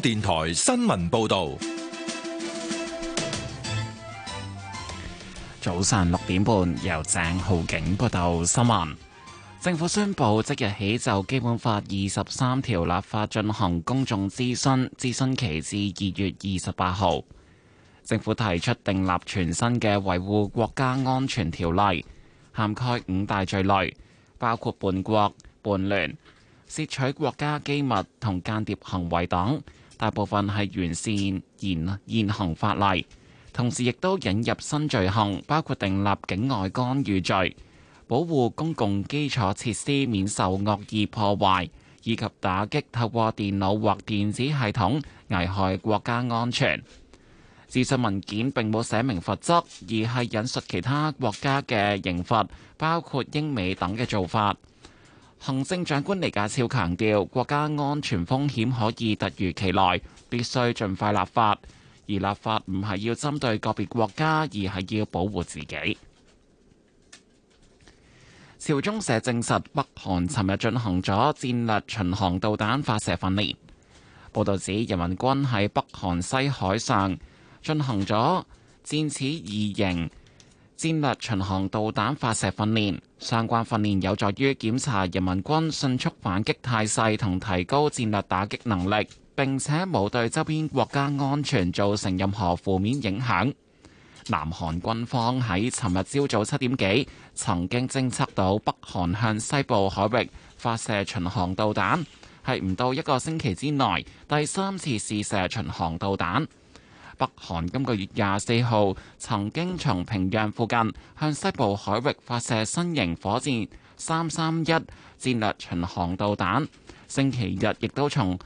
電台新聞報道，早晨六點半，由鄭浩景報道新聞。政府宣布即日起就《基本法》二十三條立法進行公眾諮詢，諮詢期至二月二十八號。政府提出訂立全新嘅維護國家安全條例，涵蓋五大罪類，包括叛國、叛亂、竊取國家機密同間諜行為等。大部分係完善現現行法例，同時亦都引入新罪行，包括訂立境外干預罪，保護公共基礎設施免受惡意破壞，以及打擊透過電腦或電子系統危害國家安全。諮詢文件並冇寫明罰則，而係引述其他國家嘅刑罰，包括英美等嘅做法。行政長官李家超強調，國家安全風險可以突如其來，必須盡快立法。而立法唔係要針對個別國家，而係要保護自己。朝中社證實，北韓尋日進行咗戰略巡航導彈發射訓練。報導指，人民軍喺北韓西海上進行咗箭矢二型。戰略巡航導彈發射訓練，相關訓練有助於檢查人民軍迅速反擊態勢同提高戰略打擊能力，並且冇對周邊國家安全造成任何負面影響。南韓軍方喺尋日朝早七點幾，曾經偵測到北韓向西部海域發射巡航導彈，係唔到一個星期之內第三次試射巡航導彈。北韓今個月廿四號曾經從平壤附近向西部海域發射新型火箭三三一戰略巡航導彈，星期日亦都從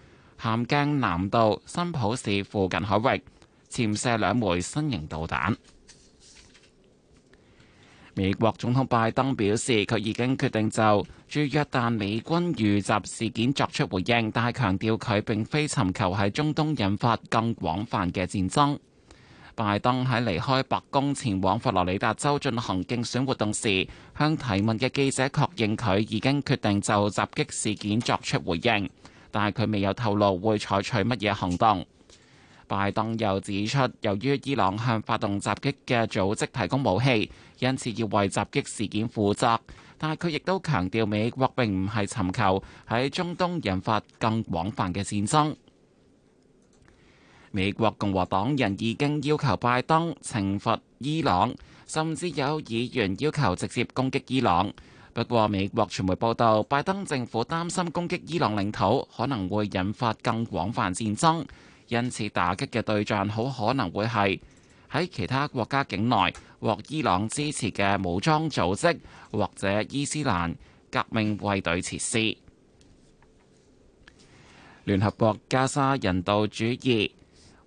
咸鏡南道新浦市附近海域潛射兩枚新型導彈。美國總統拜登表示，佢已經決定就駐約旦美軍遇襲事件作出回應，但係強調佢並非尋求喺中東引發更廣泛嘅戰爭。拜登喺離開白宮前往佛羅里達州進行競選活動時，向提問嘅記者確認佢已經決定就襲擊事件作出回應，但係佢未有透露會採取乜嘢行動。拜登又指出，由於伊朗向發動襲擊嘅組織提供武器，因此要為襲擊事件負責。但係佢亦都強調，美國並唔係尋求喺中東引發更廣泛嘅戰爭。美國共和黨人已經要求拜登懲罰伊朗，甚至有議員要求直接攻擊伊朗。不過，美國傳媒報道，拜登政府擔心攻擊伊朗領土可能會引發更廣泛戰爭。因此，打擊嘅對象好可能會係喺其他國家境內獲伊朗支持嘅武裝組織，或者伊斯蘭革命衛隊設施。聯合國加沙人道主義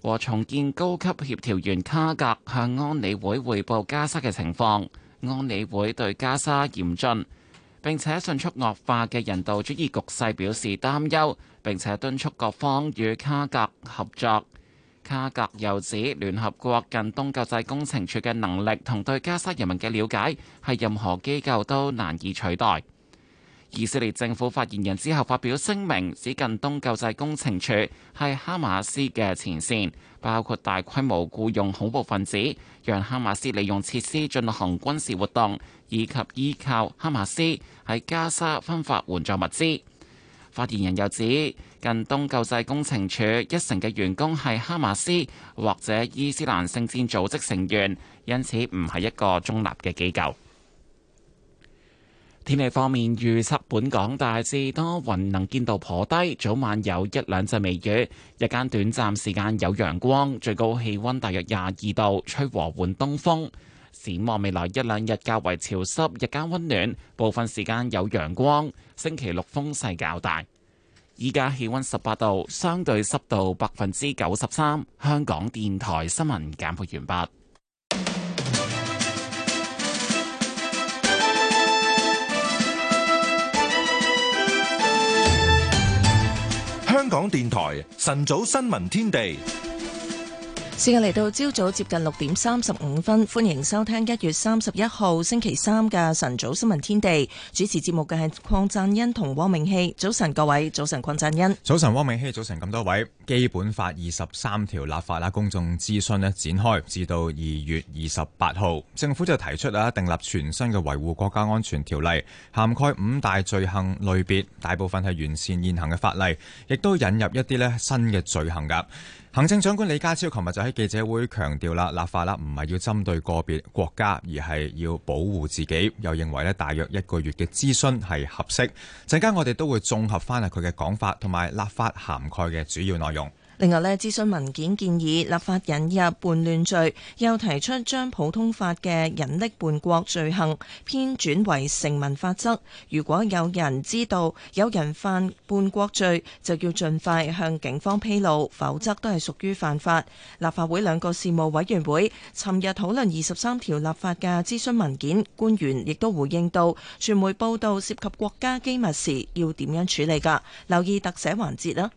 和重建高級協調員卡格向安理會匯報加沙嘅情況。安理會對加沙嚴峻並且迅速惡化嘅人道主義局勢表示擔憂，並且敦促各方與卡格合作。卡格又指聯合國近東救濟工程處嘅能力同對加沙人民嘅了解係任何機構都難以取代。以色列政府發言人之後發表聲明，指近東救濟工程處係哈馬斯嘅前線，包括大規模僱用恐怖分子，讓哈馬斯利用設施進行軍事活動。以及依靠哈馬斯喺加沙分發援助物資。發言人又指，近東救濟工程處一成嘅員工係哈馬斯或者伊斯蘭聖戰組織成員，因此唔係一個中立嘅機構。天氣方面預測，本港大致多雲，能見度頗低，早晚有一兩陣微雨，日間短暫時間有陽光，最高氣温大約廿二度，吹和緩東風。展望未來一兩日較為潮濕，日間温暖，部分時間有陽光。星期六風勢較大。依家氣溫十八度，相對濕度百分之九十三。香港電台新聞簡報完畢。香港電台晨早新聞天地。時間嚟到朝早接近六點三十五分，歡迎收聽一月三十一號星期三嘅晨早新聞天地。主持節目嘅係鄺贊恩同汪明希。早晨各位，早晨鄺贊恩，早晨汪明希，早晨咁多位。基本法二十三條立法啦，公眾諮詢呢，展開，至到二月二十八號，政府就提出啦，訂立全新嘅維護國家安全條例，涵蓋五大罪行類別，大部分係完善現行嘅法例，亦都引入一啲呢新嘅罪行噶。行政長官李家超琴日就喺記者會強調啦，立法啦唔係要針對個別國家，而係要保護自己。又認為呢，大約一個月嘅諮詢係合適。陣間我哋都會綜合翻啊佢嘅講法同埋立法涵蓋嘅主要內容。另外咧，諮詢文件建議立法引入叛亂罪，又提出將普通法嘅隱匿叛國罪行編轉為成文法則。如果有人知道有人犯叛國罪，就要盡快向警方披露，否則都係屬於犯法。立法會兩個事務委員會尋日討論二十三條立法嘅諮詢文件，官員亦都回應到，傳媒報道涉及國家機密時要點樣處理㗎？留意特寫環節啦。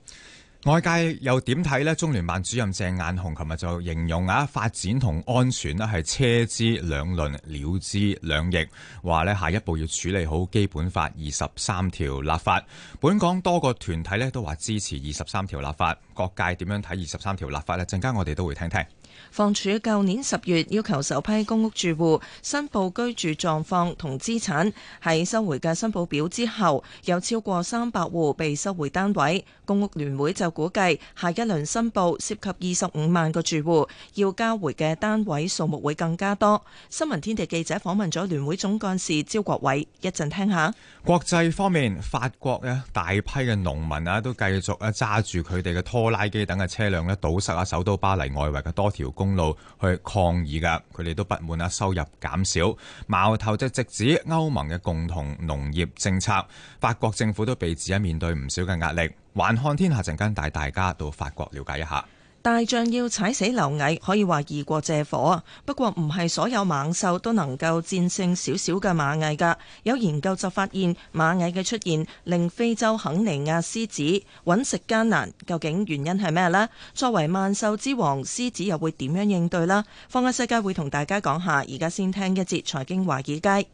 外界又點睇呢？中聯辦主任鄭雁雄琴日就形容啊，發展同安全呢係車之兩輪、鳥之兩翼，話呢下一步要處理好《基本法》二十三條立法。本港多個團體呢都話支持二十三條立法，各界點樣睇二十三條立法呢？陣間我哋都會聽聽。房署舊年十月要求首批公屋住戶申報居住狀況同資產，喺收回嘅申報表之後，有超過三百戶被收回單位。公屋聯會就估計下一輪申報涉及二十五萬個住戶，要交回嘅單位數目會更加多。新聞天地記者訪問咗聯會總幹事招國偉，一陣聽下。國際方面，法國嘅大批嘅農民啊，都繼續啊揸住佢哋嘅拖拉機等嘅車輛咧，堵塞啊首都巴黎外圍嘅多條公路去抗議噶佢哋都不滿啦，收入減少，矛頭就直指歐盟嘅共同農業政策。法國政府都被指啊面對唔少嘅壓力。環看天下陣間帶大家到法國了解一下。大象要踩死螻蟻，可以話易過借火啊！不過唔係所有猛獸都能夠戰勝少少嘅螞蟻噶。有研究就發現，螞蟻嘅出現令非洲肯尼亞獅子揾食艱難。究竟原因係咩呢？作為萬獸之王，獅子又會點樣應對啦？放喺世界會同大家講下。而家先聽一節財經華爾街。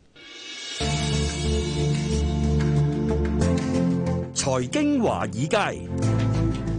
財經華爾街。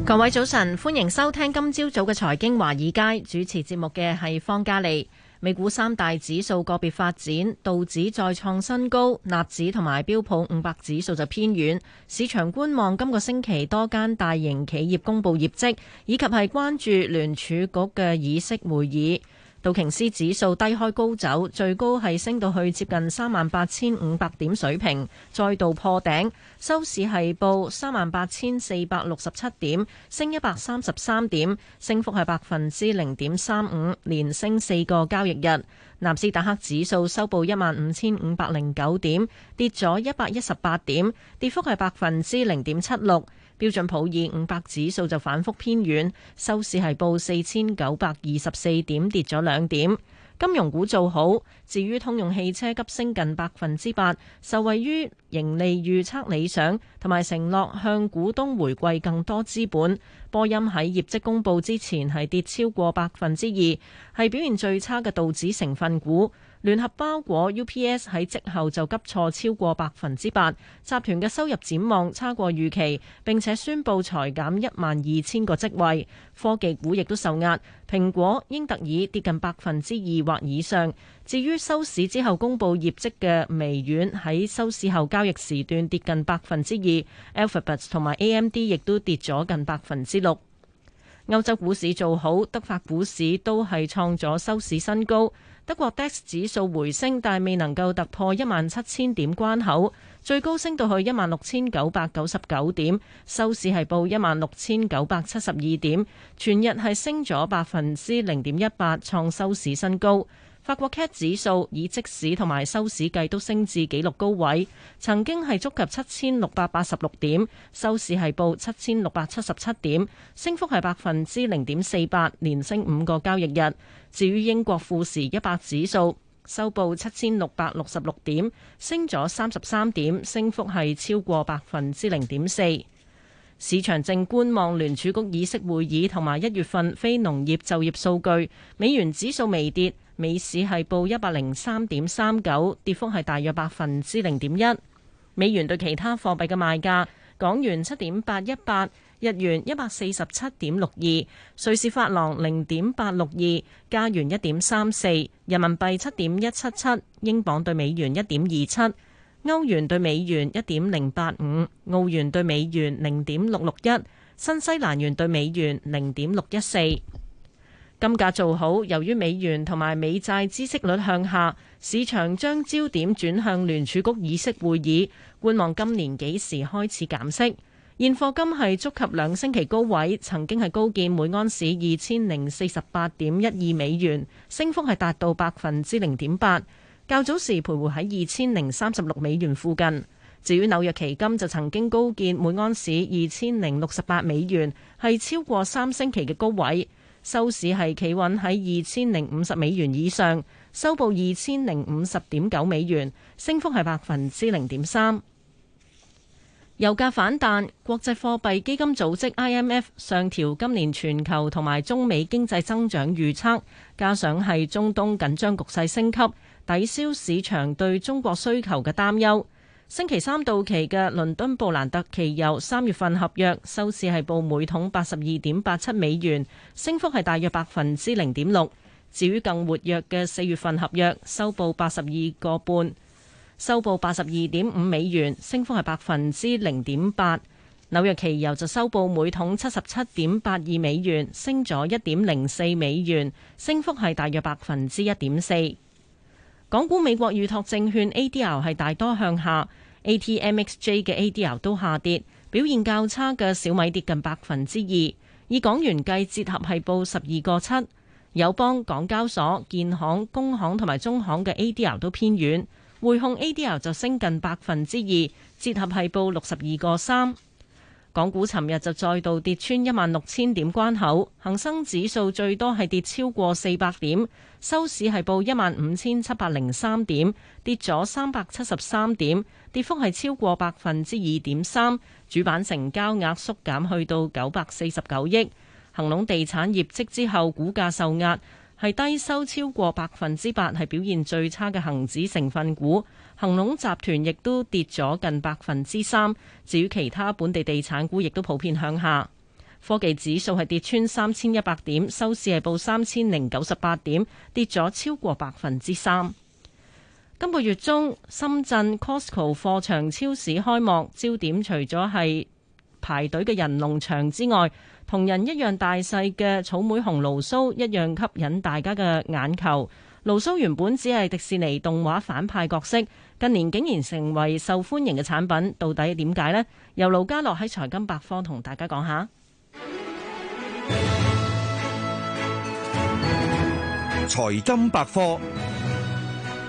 各位早晨，歡迎收聽今朝早嘅財經華爾街。主持節目嘅係方嘉利。美股三大指數個別發展，道指再創新高，納指同埋標普五百指數就偏軟。市場觀望今個星期多間大型企業公佈業績，以及係關注聯儲局嘅議息會議。道瓊斯指數低開高走，最高係升到去接近三萬八千五百點水平，再度破頂，收市係報三萬八千四百六十七點，升一百三十三點，升幅係百分之零點三五，連升四個交易日。納斯達克指數收報一萬五千五百零九點，跌咗一百一十八點，跌幅係百分之零點七六。標準普爾五百指數就反覆偏遠，收市係報四千九百二十四點，跌咗兩點。金融股做好，至於通用汽車急升近百分之八，受惠於盈利預測理想同埋承諾向股東回饋更多資本。波音喺業績公佈之前係跌超過百分之二，係表現最差嘅道指成分股。聯合包裹 UPS 喺即後就急挫超過百分之八，集團嘅收入展望差過預期，並且宣布裁減一萬二千個職位。科技股亦都受壓，蘋果、英特爾跌近百分之二或以上。至於收市之後公布業績嘅微軟喺收市後交易時段跌近百分之二，Alphabet 同埋 AMD 亦都跌咗近百分之六。歐洲股市做好，德法股市都係創咗收市新高。德國 DAX 指數回升，但未能夠突破一萬七千點關口，最高升到去一萬六千九百九十九點，收市係報一萬六千九百七十二點，全日係升咗百分之零點一八，創收市新高。法國 CAC 指數以即市同埋收市計都升至紀錄高位，曾經係觸及七千六百八十六點，收市係報七千六百七十七點，升幅係百分之零點四八，連升五個交易日。至於英國富時一百指數收報七千六百六十六點，升咗三十三點，升幅係超過百分之零點四。市場正觀望聯儲局議息會議同埋一月份非農業就業數據。美元指數微跌，美市係報一百零三點三九，跌幅係大約百分之零點一。美元對其他貨幣嘅賣價，港元七點八一八。日元一百四十七點六二，瑞士法郎零點八六二，加元一點三四，人民幣七點一七七，英鎊對美元一點二七，歐元對美元一點零八五，澳元對美元零點六六一，新西蘭元對美元零點六一四。金價做好，由於美元同埋美債孳息率向下，市場將焦點轉向聯儲局議息會議，觀望今年幾時開始減息。現貨金係觸及兩星期高位，曾經係高見每安士二千零四十八點一二美元，升幅係達到百分之零點八。較早時徘徊喺二千零三十六美元附近。至於紐約期金就曾經高見每安士二千零六十八美元，係超過三星期嘅高位，收市係企穩喺二千零五十美元以上，收報二千零五十點九美元，升幅係百分之零點三。油價反彈，國際貨幣基金組織 IMF 上調今年全球同埋中美經濟增長預測，加上係中東緊張局勢升級，抵消市場對中國需求嘅擔憂。星期三到期嘅倫敦布蘭特期油三月份合約收市係報每桶八十二點八七美元，升幅係大約百分之零點六。至於更活躍嘅四月份合約，收報八十二個半。收報八十二點五美元，升幅係百分之零點八。紐約期油就收報每桶七十七點八二美元，升咗一點零四美元，升幅係大約百分之一點四。港股美國預託證券 A D R 係大多向下，A T M X J 嘅 A D R 都下跌，表現較差嘅小米跌近百分之二，以港元計折合係報十二個七。友邦、港交所、建行、工行同埋中行嘅 A D R 都偏軟。匯控 A.D.R 就升近百分之二，折合係報六十二個三。港股尋日就再度跌穿一萬六千點關口，恆生指數最多係跌超過四百點，收市係報一萬五千七百零三點，跌咗三百七十三點，跌幅係超過百分之二點三。主板成交額縮，縮減去到九百四十九億。恆隆地產業績之後，股價受壓。係低收超過百分之八，係表現最差嘅恆指成分股。恆隆集團亦都跌咗近百分之三。至於其他本地地產股，亦都普遍向下。科技指數係跌穿三千一百點，收市係報三千零九十八點，跌咗超過百分之三。今個月中，深圳 Costco 貨場超市開幕，焦點除咗係排隊嘅人龍長之外，同人一樣大細嘅草莓熊蘆蘇一樣吸引大家嘅眼球。蘆蘇原本只係迪士尼動畫反派角色，近年竟然成為受歡迎嘅產品，到底點解呢？由盧家樂喺財金百科同大家講下。財金百科。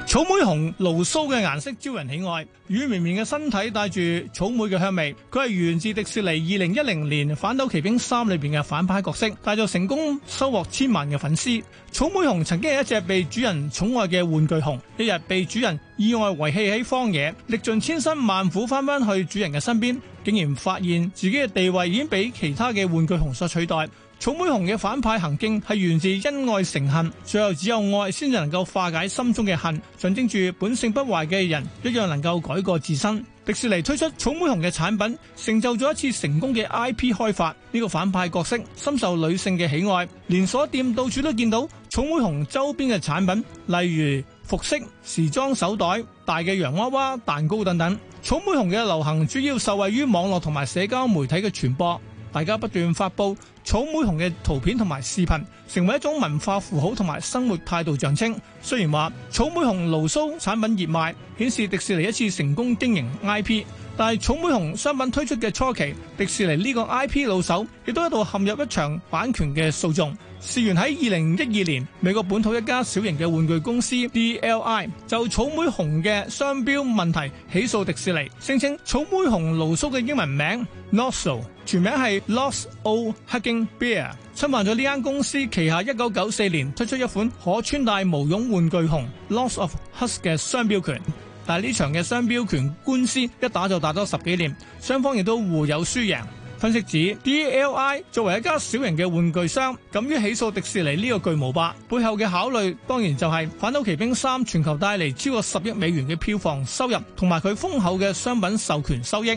草莓熊蘆蘇嘅顏色招人喜愛，軟綿綿嘅身體帶住草莓嘅香味。佢係源自迪士尼二零一零年《反斗奇兵三》裏邊嘅反派角色，但就成功收穫千萬嘅粉絲。草莓熊曾經係一隻被主人寵愛嘅玩具熊，一日被主人意外遺棄喺荒野，歷盡千辛萬苦翻翻去主人嘅身邊，竟然發現自己嘅地位已經俾其他嘅玩具熊所取代。草莓熊嘅反派行徑係源自恩愛成恨，最後只有愛先至能夠化解心中嘅恨，象徵住本性不壞嘅人一樣能夠改過自身。迪士尼推出草莓熊嘅產品，成就咗一次成功嘅 IP 開發。呢個反派角色深受女性嘅喜愛，連鎖店到處都見到草莓熊周邊嘅產品，例如服飾、時裝、手袋、大嘅洋娃娃、蛋糕等等。草莓熊嘅流行主要受惠於網絡同埋社交媒體嘅傳播。大家不斷發布草莓熊嘅圖片同埋視頻，成為一種文化符號同埋生活態度象徵。雖然話草莓熊勞蘇產品熱賣，顯示迪士尼一次成功經營 IP，但係草莓熊商品推出嘅初期，迪士尼呢個 IP 老手亦都一度陷入一場版權嘅訴訟。事源喺二零一二年，美國本土一家小型嘅玩具公司 D.L.I 就草莓熊嘅商標問題起訴迪士尼，聲稱草莓熊盧叔嘅英文名 Lotso，全名係 Lotso Hugging Bear，侵犯咗呢間公司旗下一九九四年推出一款可穿戴毛絨玩具熊 Lots of Hugs 嘅商標權。但係呢場嘅商標權官司一打就打咗十幾年，雙方亦都互有輸贏。分析指 DLI 作為一家小型嘅玩具商，敢於起訴迪士尼呢個巨無霸，背後嘅考慮當然就係《反斗奇兵三》全球帶嚟超過十億美元嘅票房收入，同埋佢豐厚嘅商品授權收益。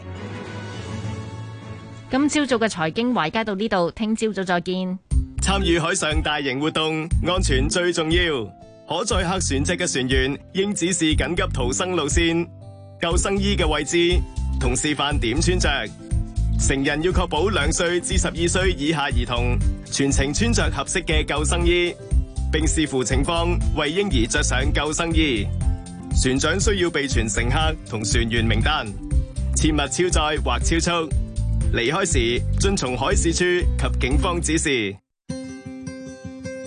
今朝早嘅財經懷街到呢度，聽朝早再見。參與海上大型活動，安全最重要。可載客船隻嘅船員應指示緊急逃生路線、救生衣嘅位置同示範點穿着。成人要確保兩歲至十二歲以下兒童全程穿着合適嘅救生衣，並視乎情況為嬰兒着上救生衣。船長需要備存乘客同船員名單。切勿超載或超速。離開時遵從海事處及警方指示。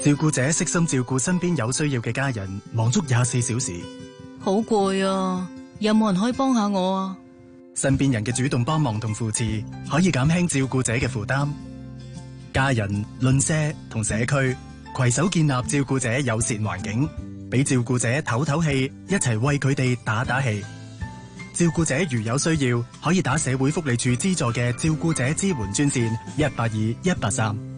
照顧者悉心照顧身邊有需要嘅家人，忙足廿四小時。好攰啊！有冇人可以幫下我啊？身邊人嘅主動幫忙同扶持，可以減輕照顧者嘅負擔。家人、鄰舍同社區攜手建立照顧者友善環境，俾照顧者唞唞氣，一齊為佢哋打打氣。照顧者如有需要，可以打社會福利署資助嘅照顧者支援專線一八二一八三。18 2, 18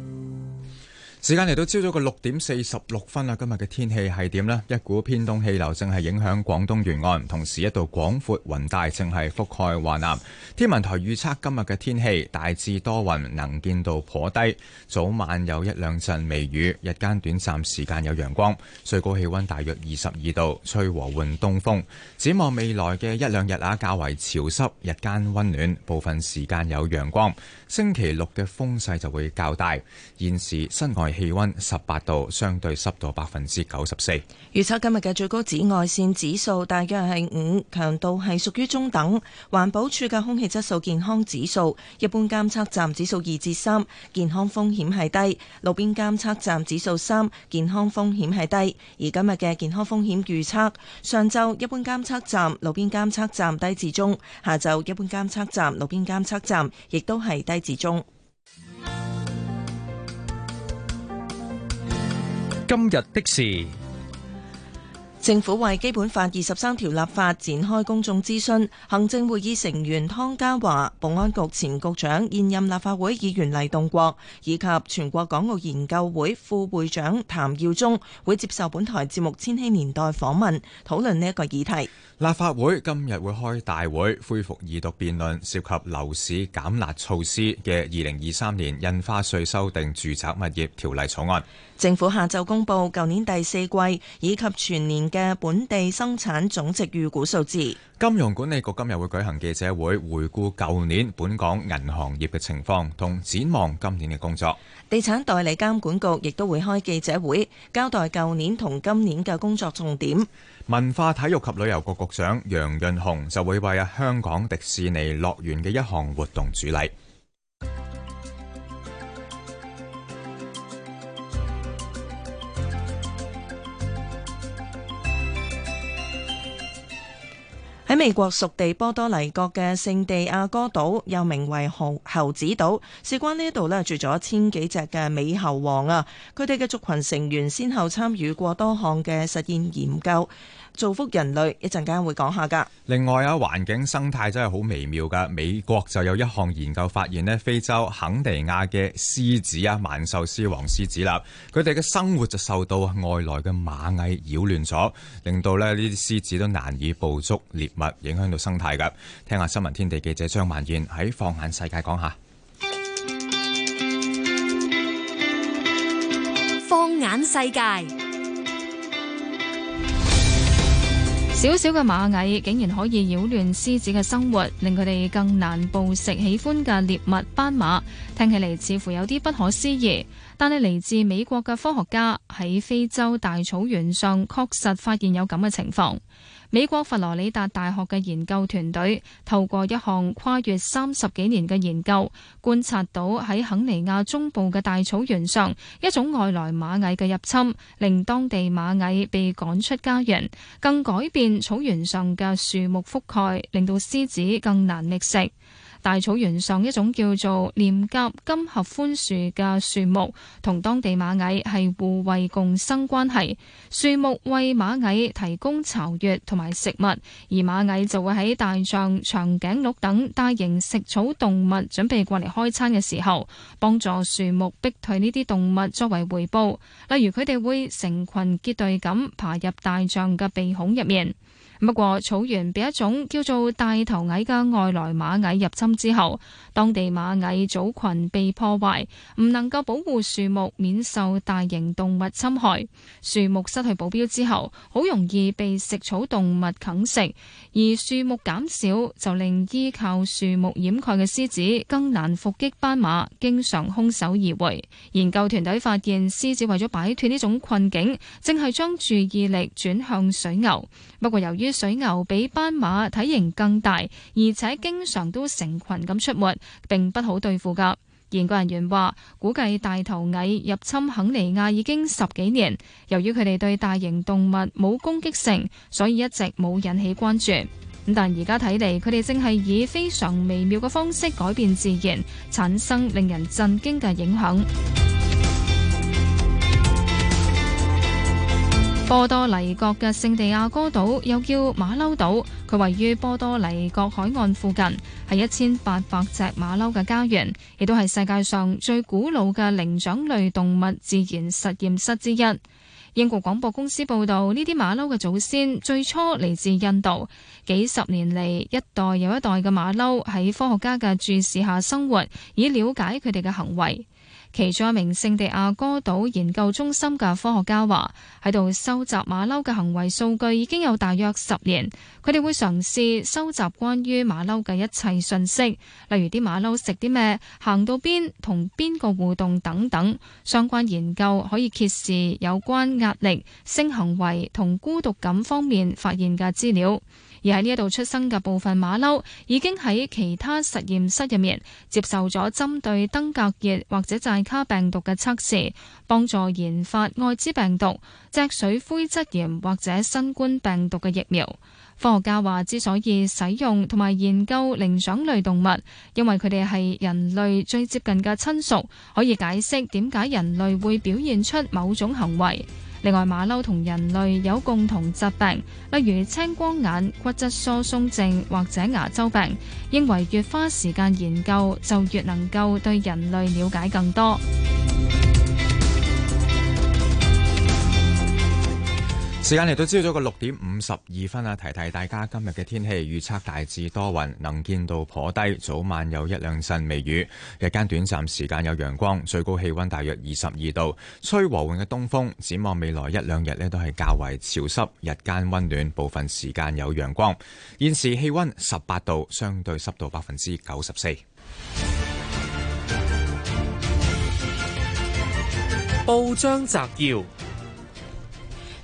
時間嚟到朝早嘅六點四十六分啦，今日嘅天氣係點呢？一股偏東氣流正係影響廣東沿岸，同時一度廣闊雲帶正係覆蓋華南。天文台預測今日嘅天氣大致多雲，能見度頗低，早晚有一兩陣微雨，日間短暫時間有陽光，最高氣溫大約二十二度，吹和緩東風。展望未來嘅一兩日啊，較為潮濕，日間溫暖，部分時間有陽光。星期六嘅風勢就會較大。現時室外，氣溫十八度，相對濕度百分之九十四。預測今日嘅最高紫外線指數大約係五，強度係屬於中等。環保署嘅空氣質素健康指數，一般監測站指數二至三，健康風險係低；路邊監測站指數三，健康風險係低。而今日嘅健康風險預測，上晝一般監測站、路邊監測站低至中；下晝一般監測站、路邊監測站亦都係低至中。今日的事，政府為《基本法》二十三條立法展開公眾諮詢。行政會議成員湯家驊、保安局前局長、現任立法會議員黎棟國以及全國港澳研究會副會長譚耀宗會接受本台節目《千禧年代》訪問，討論呢一個議題。立法會今日會開大會，恢復二讀辯論涉及及樓市減辣措施嘅二零二三年印花稅修訂住宅物業條例草案。政府下晝公佈舊年第四季以及全年嘅本地生產總值預估數字。金融管理局今日會舉行記者會，回顧舊年本港銀行業嘅情況同展望今年嘅工作。地產代理監管局亦都會開記者會，交代舊年同今年嘅工作重點。文化、體育及旅遊局局長楊潤雄就會為香港迪士尼樂園嘅一項活動主禮。喺美國屬地波多黎各嘅聖地亞哥島，又名為猴猴子島。事關呢一度咧住咗千幾隻嘅美猴王啊，佢哋嘅族群成員先後參與過多項嘅實驗研究。造福人類，一陣間會講下噶。另外啊，環境生態真係好微妙噶。美國就有一項研究發現呢，非洲肯尼亞嘅獅子啊，萬獸獅王獅子啦，佢哋嘅生活就受到外來嘅螞蟻擾亂咗，令到咧呢啲獅子都難以捕捉獵物，影響到生態噶。聽下新聞天地記者張萬燕喺放眼世界講下。放眼世界。小小嘅螞蟻竟然可以擾亂獅子嘅生活，令佢哋更難捕食喜歡嘅獵物斑馬。聽起嚟似乎有啲不可思議，但係嚟自美國嘅科學家喺非洲大草原上確實發現有咁嘅情況。美國佛羅里達大學嘅研究團隊透過一項跨越三十幾年嘅研究，觀察到喺肯尼亞中部嘅大草原上，一種外來螞蟻嘅入侵，令當地螞蟻被趕出家園，更改變草原上嘅樹木覆蓋，令到獅子更難覓食。大草原上一種叫做鐮莢金合歡樹嘅樹木，同當地螞蟻係互惠共生關係，樹木為螞蟻提供巢穴同埋食物，而螞蟻就會喺大象、長頸鹿等大型食草動物準備過嚟開餐嘅時候，幫助樹木逼退呢啲動物作為回報，例如佢哋會成群結隊咁爬入大象嘅鼻孔入面。不過草原被一種叫做大頭蟻嘅外來螞蟻入侵之後，當地螞蟻組群被破壞，唔能夠保護樹木免受大型動物侵害。樹木失去保鏢之後，好容易被食草動物啃食，而樹木減少就令依靠樹木掩蓋嘅獅子更難伏擊斑馬，經常空手而回。研究團隊發現，獅子為咗擺脫呢種困境，正係將注意力轉向水牛。不過由於水牛比斑馬體型更大，而且經常都成群咁出沒，並不好對付噶研究人員話，估計大頭蟻入侵肯尼亞已經十幾年，由於佢哋對大型動物冇攻擊性，所以一直冇引起關注。咁但而家睇嚟，佢哋正係以非常微妙嘅方式改變自然，產生令人震驚嘅影響。波多黎各嘅聖地亞哥島又叫馬騮島，佢位於波多黎各海岸附近，係一千八百隻馬騮嘅家園，亦都係世界上最古老嘅靈長類動物自然實驗室之一。英國廣播公司報道，呢啲馬騮嘅祖先最初嚟自印度，幾十年嚟一代又一代嘅馬騮喺科學家嘅注視下生活，以了解佢哋嘅行為。其中一名聖地亞哥島研究中心嘅科學家話：喺度收集馬騮嘅行為數據已經有大約十年，佢哋會嘗試收集關於馬騮嘅一切信息，例如啲馬騮食啲咩、行到邊、同邊個互動等等。相關研究可以揭示有關壓力、性行為同孤獨感方面發現嘅資料。而喺呢度出生嘅部分馬騮已經喺其他實驗室入面接受咗針對登革熱或者寨卡病毒嘅測試，幫助研發艾滋病毒、脊髓灰質炎或者新冠病毒嘅疫苗。科學家話，之所以使用同埋研究靈長類動物，因為佢哋係人類最接近嘅親屬，可以解釋點解人類會表現出某種行為。另外，馬騮同人類有共同疾病，例如青光眼、骨質疏鬆症或者牙周病，認為越花時間研究，就越能夠對人類了解更多。時間嚟到朝早嘅六點五十二分啊，提提大家今日嘅天氣預測，大致多雲，能見度頗低，早晚有一兩陣微雨，日間短暫時間有陽光，最高氣溫大約二十二度，吹和緩嘅東風。展望未來一兩日呢，都係較為潮濕，日間溫暖，部分時間有陽光。現時氣溫十八度，相對濕度百分之九十四。報章摘要。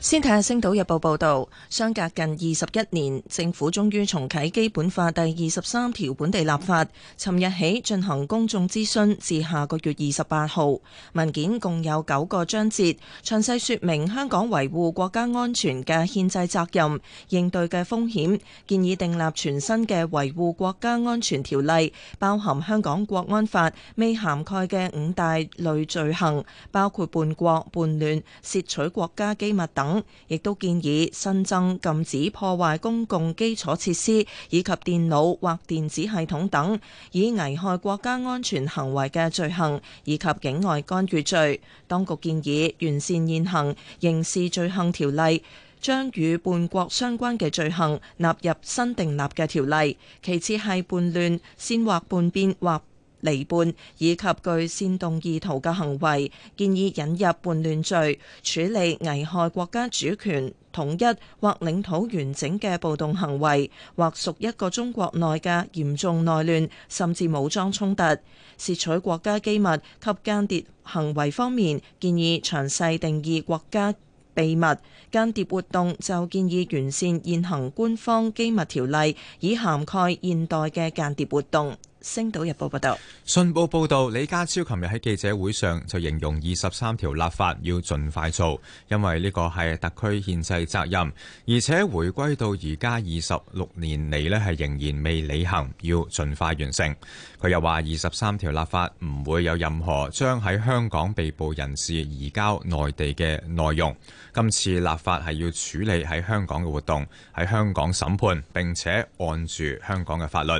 先睇下《星島日報》報導，相隔近二十一年，政府終於重啟基本法第二十三條本地立法，尋日起進行公眾諮詢，至下個月二十八號。文件共有九個章節，詳細說明香港維護國家安全嘅憲制責任、應對嘅風險，建議訂立全新嘅維護國家安全條例，包含香港國安法未涵蓋嘅五大類罪行，包括叛國、叛亂、竊取國家機密等。亦都建議新增禁止破壞公共基礎設施以及電腦或電子系統等，以危害國家安全行為嘅罪行，以及境外干預罪。當局建議完善現行刑事罪行條例，將與叛國相關嘅罪行納入新訂立嘅條例。其次係叛亂、煽惑叛變或離叛以及具煽動意圖嘅行為，建議引入叛亂罪處理危害國家主權、統一或領土完整嘅暴動行為，或屬一個中國內嘅嚴重內亂甚至武裝衝突。竊取國家機密及間諜行為方面，建議詳細定義國家秘密、間諜活動，就建議完善現行官方機密條例，以涵蓋現代嘅間諜活動。星島日報報道，信報報道，李家超琴日喺記者會上就形容二十三條立法要盡快做，因為呢個係特區憲制責任，而且回歸到而家二十六年嚟呢係仍然未履行，要盡快完成。佢又話二十三條立法唔會有任何將喺香港被捕人士移交內地嘅內容。今次立法係要處理喺香港嘅活動，喺香港審判，並且按住香港嘅法律。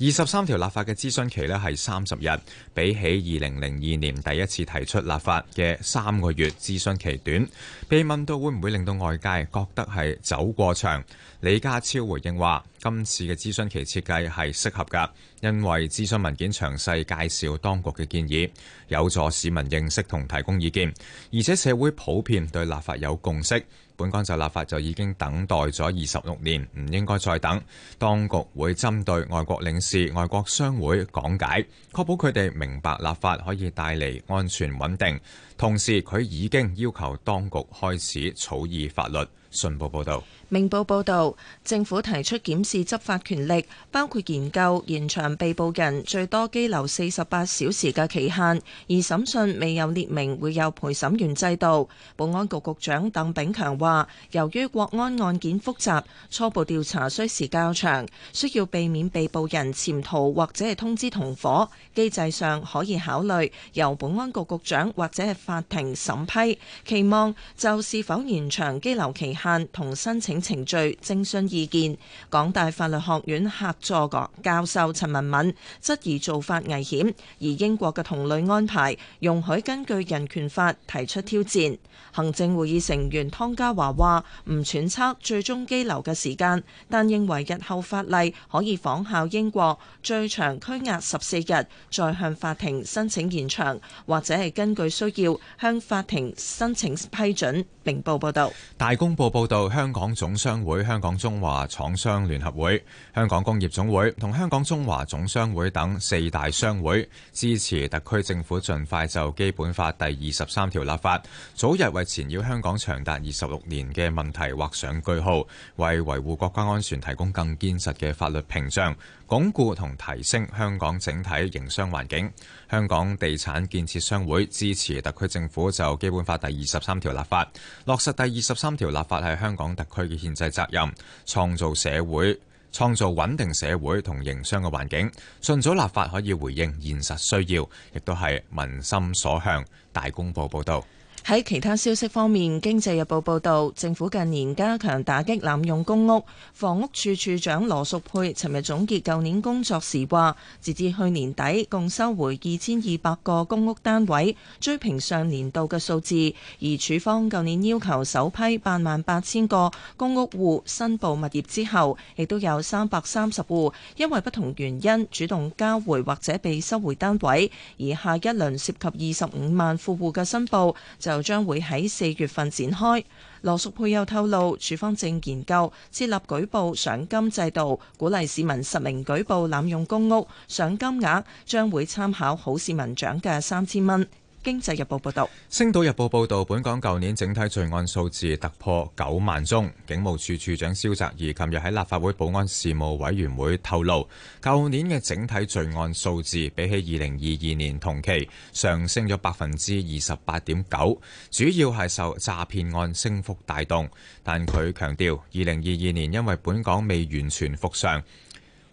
二十三條立法嘅諮詢期呢係三十日，比起二零零二年第一次提出立法嘅三個月諮詢期短。被問到會唔會令到外界覺得係走過場，李家超回應話：今次嘅諮詢期設計係適合㗎，因為諮詢文件詳細介紹當局嘅建議，有助市民認識同提供意見，而且社會普遍對立法有共識。本港就立法就已經等待咗二十六年，唔應該再等。當局會針對外國領事、外國商會講解，確保佢哋明白立法可以帶嚟安全穩定。同時，佢已經要求當局開始草擬法律。信報報道。明報報導，政府提出檢視執法權力，包括研究延長被捕人最多拘留四十八小時嘅期限。而審訊未有列明會有陪審員制度。保安局局長鄧炳強話，由於國安案件複雜，初步調查需時較長，需要避免被捕人潛逃或者係通知同伙。機制上可以考慮由保安局局長或者係法庭審批。期望就是否延長拘留期限同申請程序徵詢意見，港大法律學院客座教授陳文敏質疑做法危險，而英國嘅同類安排容許根據人權法提出挑戰。行政會議成員湯家驊話：唔揣測最終羈留嘅時間，但認為日後法例可以仿效英國，最長拘押十四日，再向法庭申請延長，或者係根據需要向法庭申請批准。明報報道，大公報報道，香港總總商會、香港中華廠商聯合會、香港工業總會同香港中華總商會等四大商會支持特區政府盡快就《基本法》第二十三條立法，早日為纏繞香港長達二十六年嘅問題畫上句號，為維護國家安全提供更堅實嘅法律屏障。鞏固同提升香港整體營商環境。香港地產建設商會支持特區政府就《基本法》第二十三條立法，落實第二十三條立法係香港特區嘅憲制責任，創造社會、創造穩定社會同營商嘅環境。儘早立法可以回應現實需要，亦都係民心所向。大公報報導。喺其他消息方面，《經濟日報》報道，政府近年加強打擊濫用公屋。房屋處處長羅淑佩尋日總結舊年工作時話，截至去年底，共收回二千二百個公屋單位，追平上年度嘅數字。而處方舊年要求首批八萬八千個公屋戶申報物業之後，亦都有三百三十戶因為不同原因主動交回或者被收回單位。而下一輪涉及二十五萬戶戶嘅申報就將會喺四月份展開。羅淑佩又透露，處方正研究設立舉報賞金制度，鼓勵市民實名舉報濫用公屋賞額，賞金額將會參考好市民獎嘅三千蚊。經濟日報報道，星島日報報道，本港舊年整體罪案數字突破九萬宗。警務處處長蕭澤頤琴日喺立法會保安事務委員會透露，舊年嘅整體罪案數字比起二零二二年同期上升咗百分之二十八點九，主要係受詐騙案升幅帶動。但佢強調，二零二二年因為本港未完全復常，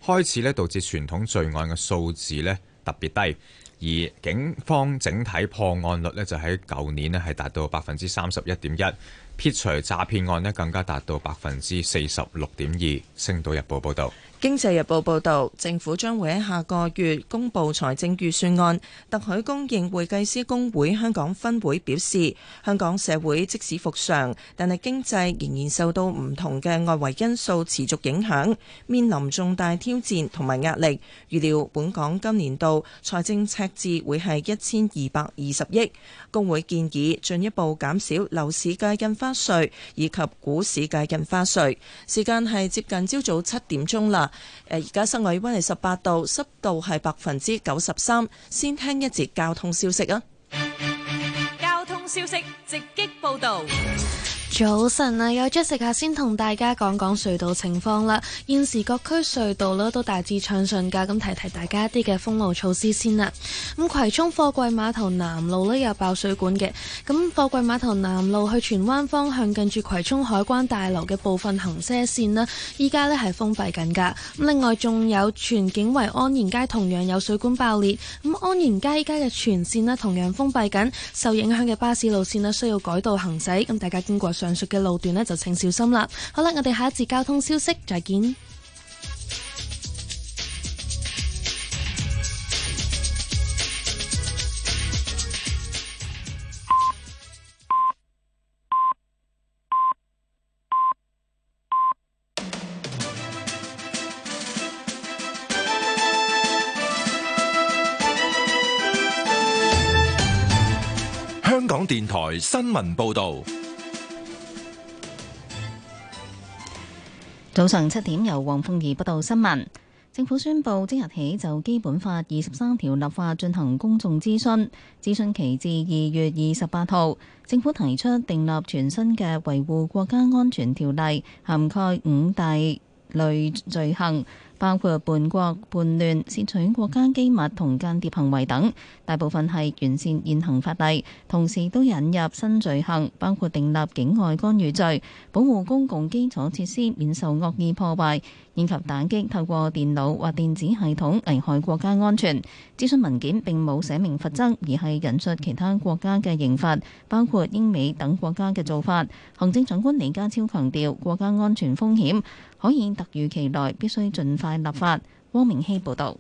開始呢導致傳統罪案嘅數字呢特別低。而警方整體破案率呢就喺舊年呢係達到百分之三十一點一，撇除詐騙案呢更加達到百分之四十六點二，《星島日報》報道。經濟日報報導，政府將會喺下個月公布財政預算案。特許公認會計師公會香港分會表示，香港社會即使復常，但係經濟仍然受到唔同嘅外圍因素持續影響，面臨重大挑戰同埋壓力。預料本港今年度財政赤字會係一千二百二十億。公會建議進一步減少樓市介印花稅以及股市介印花稅。時間係接近朝早七點鐘啦。誒，而家室外溫度係十八度，濕度係百分之九十三。先聽一節交通消息啊！交通消息直擊報道。早晨啊，有 Jessica 先同大家講講隧道情況啦。現時各區隧道咧都大致暢順噶，咁提提大家一啲嘅封路措施先啦。咁葵涌貨櫃碼頭南路咧有爆水管嘅，咁貨櫃碼頭南路去荃灣方向近住葵涌海關大樓嘅部分行車線啦，依家咧係封閉緊噶。咁另外仲有荃景圍安賢街同樣有水管爆裂，咁安賢街依家嘅全線咧同樣封閉緊，受影響嘅巴士路線咧需要改道行駛，咁大家經過上述嘅路段呢，就請小心啦。好啦，我哋下一節交通消息，再見。香港電台新聞報道。早上七點，由黃鳳儀報道新聞。政府宣布即日起就基本法二十三條立法進行公眾諮詢，諮詢期至二月二十八號。政府提出訂立全新嘅維護國家安全條例，涵蓋五大類罪行。包括叛國、叛亂、竊取國家機密同間諜行為等，大部分係完善現行法例，同時都引入新罪行，包括訂立境外干預罪，保護公共，共基礎設施免受惡意破壞。以及打擊透過電腦或電子系統危害國家安全。諮詢文件並冇寫明罰則，而係引述其他國家嘅刑法，包括英美等國家嘅做法。行政長官李家超強調，國家安全風險可以突如其來，必須盡快立法。汪明熙報導。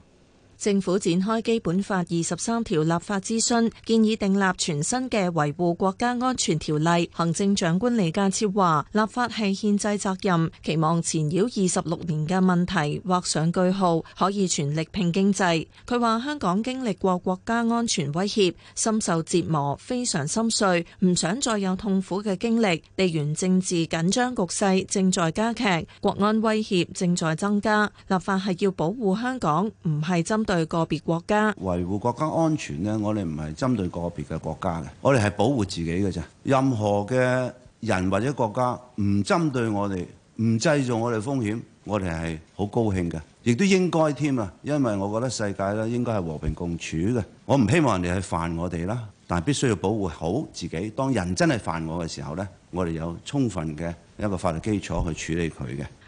政府展開《基本法》二十三條立法諮詢，建議訂立全新嘅維護國家安全條例。行政長官李家超話：立法係憲制責任，期望纏繞二十六年嘅問題畫上句號，可以全力拼經濟。佢話：香港經歷過國家安全威脅，深受折磨，非常心碎，唔想再有痛苦嘅經歷。地緣政治緊張局勢正在加劇，國安威脅正在增加。立法係要保護香港，唔係針對個別國家維護國家安全呢，我哋唔係針對個別嘅國家嘅，我哋係保護自己嘅啫。任何嘅人或者國家唔針對我哋，唔製造我哋風險，我哋係好高興嘅，亦都應該添啊。因為我覺得世界咧應該係和平共處嘅。我唔希望人哋去犯我哋啦，但係必須要保護好自己。當人真係犯我嘅時候呢，我哋有充分嘅一個法律基礎去處理佢嘅。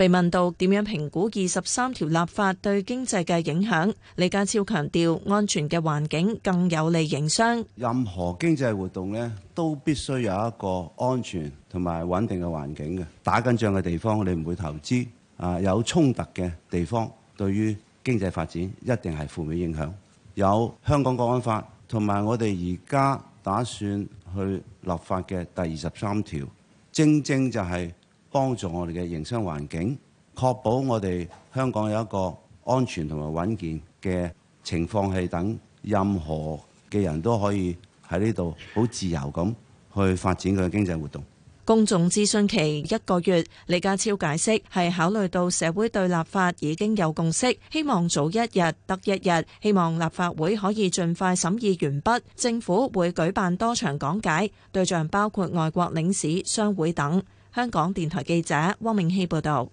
被問到點樣評估二十三條立法對經濟嘅影響，李家超強調：安全嘅環境更有利營商。任何經濟活動咧，都必須有一個安全同埋穩定嘅環境嘅。打緊仗嘅地方，我哋唔會投資。啊，有衝突嘅地方，對於經濟發展一定係負面影響。有香港國安法同埋我哋而家打算去立法嘅第二十三條，正正就係、是幫助我哋嘅營商環境，確保我哋香港有一個安全同埋穩健嘅情況，係等任何嘅人都可以喺呢度好自由咁去發展佢嘅經濟活動。公眾諮詢期一個月，李家超解釋係考慮到社會對立法已經有共識，希望早一日、得一日，希望立法會可以盡快審議完畢。政府會舉辦多場講解，對象包括外國領事、商會等。香港電台記者汪明熙報道，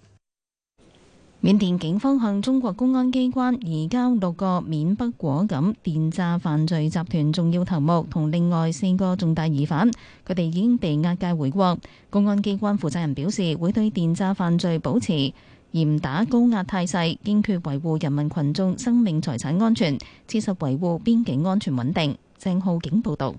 緬甸警方向中國公安機關移交六個緬北果敢電詐犯罪集團重要頭目同另外四個重大疑犯，佢哋已經被押解回國。公安機關負責人表示，會對電詐犯罪保持嚴打高壓態勢，堅決維護人民羣眾生命財產安全，切實維護邊境安全穩定。鄭浩景報道。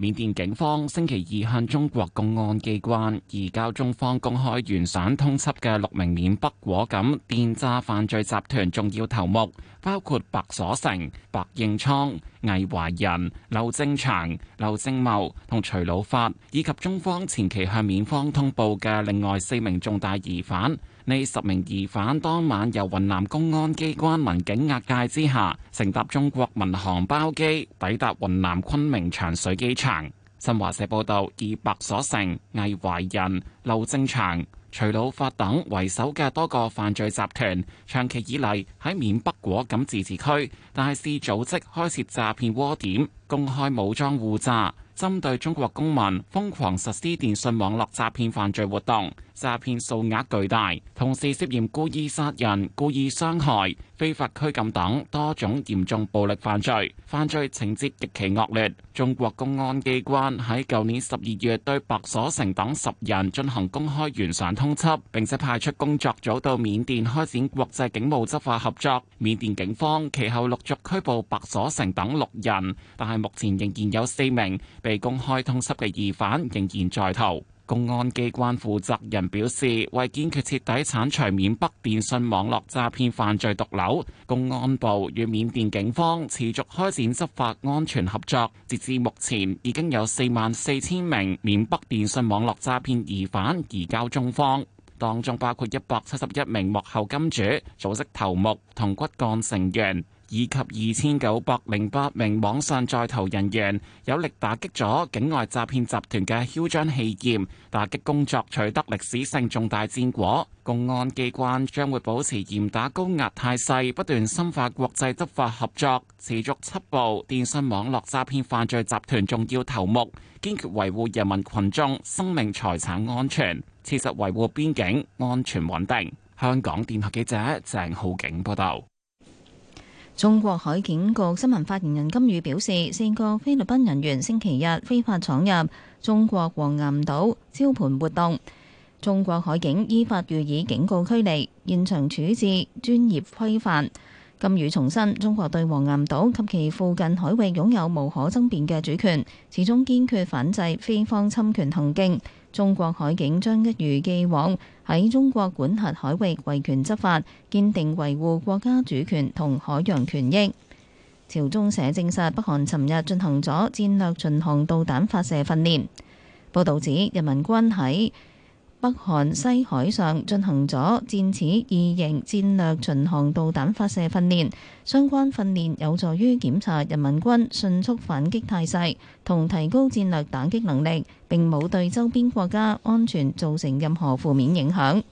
緬甸警方星期二向中國公安機關移交中方公開懸賞通緝嘅六名緬北果敢電詐犯罪集團重要頭目，包括白所成、白應倉、魏懷仁、劉正祥、劉正茂同徐老發，以及中方前期向緬方通報嘅另外四名重大疑犯。呢十名疑犯，當晚由雲南公安機關民警押解之下，乘搭中國民航包機抵達雲南昆明長水機場。新華社報道，以白所成、魏懷仁、劉正祥、徐老發等為首嘅多個犯罪集團長期以嚟，喺緬北果敢自治區大肆組織開設詐騙窩點，公開武裝護詐。針對中國公民瘋狂實施電信網絡詐騙犯罪活動，詐騙數額巨大，同時涉嫌故意殺人、故意傷害、非法拘禁等多種嚴重暴力犯罪，犯罪情節極其惡劣。中國公安機關喺舊年十二月對白所成等十人進行公開懸賞通緝，並且派出工作組到緬甸開展國際警務執法合作。緬甸警方其後陸續拘捕白所成等六人，但係目前仍然有四名被公開通緝嘅疑犯仍然在逃。公安機關負責人表示，為堅決徹底鏟除緬北電信網絡詐騙犯罪毒瘤，公安部與緬甸警方持續開展執法安全合作。截至目前，已經有四萬四千名緬北電信網絡詐騙疑犯移交中方，當中包括一百七十一名幕後金主、組織頭目同骨幹成員。以及二千九百零八名網上在逃人員，有力打擊咗境外詐騙集團嘅囂張氣焰，打擊工作取得歷史性重大戰果。公安機關將會保持嚴打高壓態勢，不斷深化國際執法合作，持續緝捕電信網絡詐騙犯罪集團重要頭目，堅決維護人民群眾生命財產安全，切實維護邊境安全穩定。香港電台記者鄭浩景報道。中國海警局新聞發言人金宇表示，四個菲律賓人員星期日非法闖入中國黃岩島礁盤活動，中國海警依法予以警告、驅離、現場處置，專業規範。金宇重申，中國對黃岩島及其附近海域擁有無可爭辯嘅主權，始終堅決反制非方侵權行徑。中國海警將一如既往喺中國管轄海域維權執法，堅定維護國家主權同海洋權益。朝中社證實，北韓尋日進行咗戰略巡航導彈發射訓練。報道指，人民軍喺北韓西海上進行咗箭矢二型戰略巡航導彈發射訓練，相關訓練有助於檢查人民軍迅速反擊態勢同提高戰略打擊能力，並冇對周邊國家安全造成任何負面影響。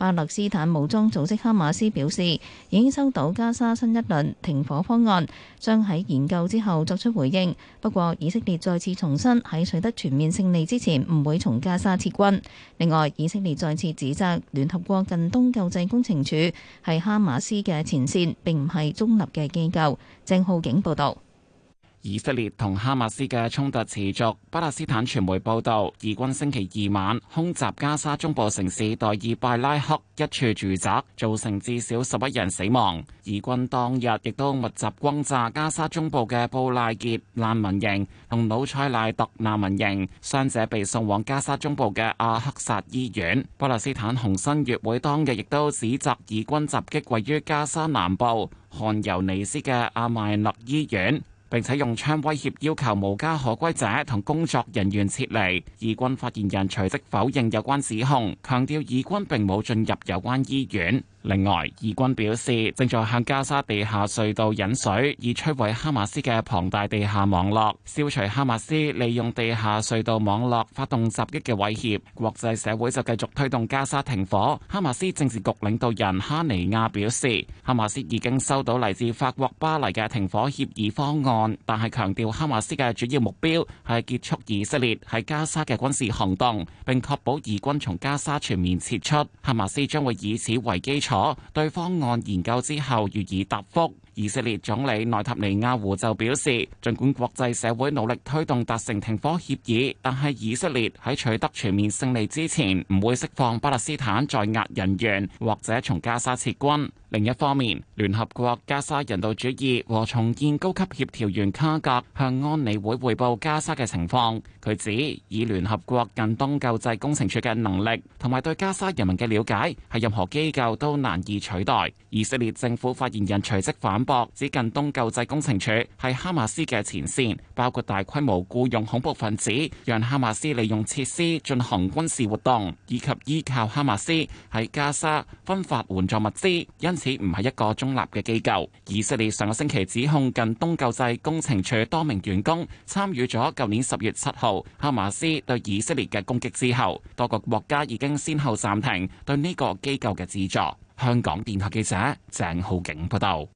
巴勒斯坦武裝組織哈馬斯表示，已經收到加沙新一輪停火方案，將喺研究之後作出回應。不過，以色列再次重申喺取得全面勝利之前，唔會從加沙撤軍。另外，以色列再次指責聯合國近東救濟工程處係哈馬斯嘅前線，並唔係中立嘅機構。鄭浩景報道。以色列同哈馬斯嘅衝突持續。巴勒斯坦傳媒報道，以軍星期二晚空襲加沙中部城市代爾拜拉克一處住宅，造成至少十一人死亡。以軍當日亦都密集轟炸加沙中部嘅布賴傑難民營同魯塞賴特難民營，傷者被送往加沙中部嘅阿克薩醫院。巴勒斯坦紅新月會當日亦都指責以軍襲擊位於加沙南部漢尤尼斯嘅阿邁勒醫院。並且用槍威脅要求無家可歸者同工作人員撤離。義軍發言人隨即否認有關指控，強調義軍並冇進入有關醫院。另外，以軍表示正在向加沙地下隧道引水，以摧毀哈馬斯嘅龐大地下網絡，消除哈馬斯利用地下隧道網絡發動襲擊嘅威脅，國際社會就繼續推動加沙停火。哈馬斯政治局領導人哈尼亞表示，哈馬斯已經收到嚟自法國巴黎嘅停火協議方案，但係強調哈馬斯嘅主要目標係結束以色列喺加沙嘅軍事行動，並確保以軍從加沙全面撤出。哈馬斯將會以此為基礎。對方案研究之後，予以答覆。以色列總理內塔尼亞胡就表示，儘管國際社會努力推動達成停火協議，但係以色列喺取得全面勝利之前，唔會釋放巴勒斯坦在押人員，或者從加沙撤軍。另一方面，聯合國加沙人道主義和重建高級協調員卡格向安理會匯報加沙嘅情況，佢指，以聯合國近東救濟工程處嘅能力同埋對加沙人民嘅了解，係任何機構都難以取代。以色列政府發言人隨即反駁指近東救濟工程處係哈馬斯嘅前線，包括大規模雇傭恐怖分子，讓哈馬斯利用設施進行軍事活動，以及依靠哈馬斯喺加沙分發援助物資。因似唔係一個中立嘅機構。以色列上個星期指控近東救濟工程處多名員工參與咗舊年十月七號哈馬斯對以色列嘅攻擊之後，多個國家已經先後暫停對呢個機構嘅資助。香港電台記者鄭浩景報道。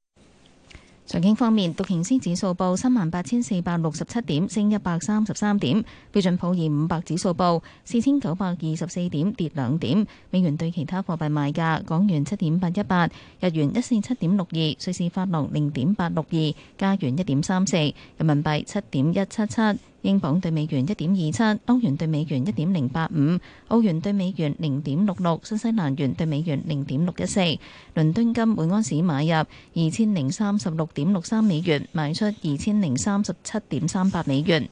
財經方面，道瓊斯指數報三萬八千四百六十七點，升一百三十三點；標準普爾五百指數報四千九百二十四點，跌兩點。美元對其他貨幣賣價：港元七點八一八，日元一四七點六二，瑞士法郎零點八六二，加元一點三四，人民幣七點一七七。英鎊對美元一點二七，歐元對美元一點零八五，澳元對美元零點六六，新西蘭元對美元零點六一四。倫敦金每安士買入二千零三十六點六三美元，賣出二千零三十七點三八美元。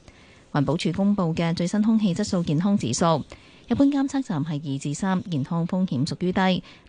環保署公布嘅最新空氣質素健康指數，一般監測站係二至三，健康風險屬於低；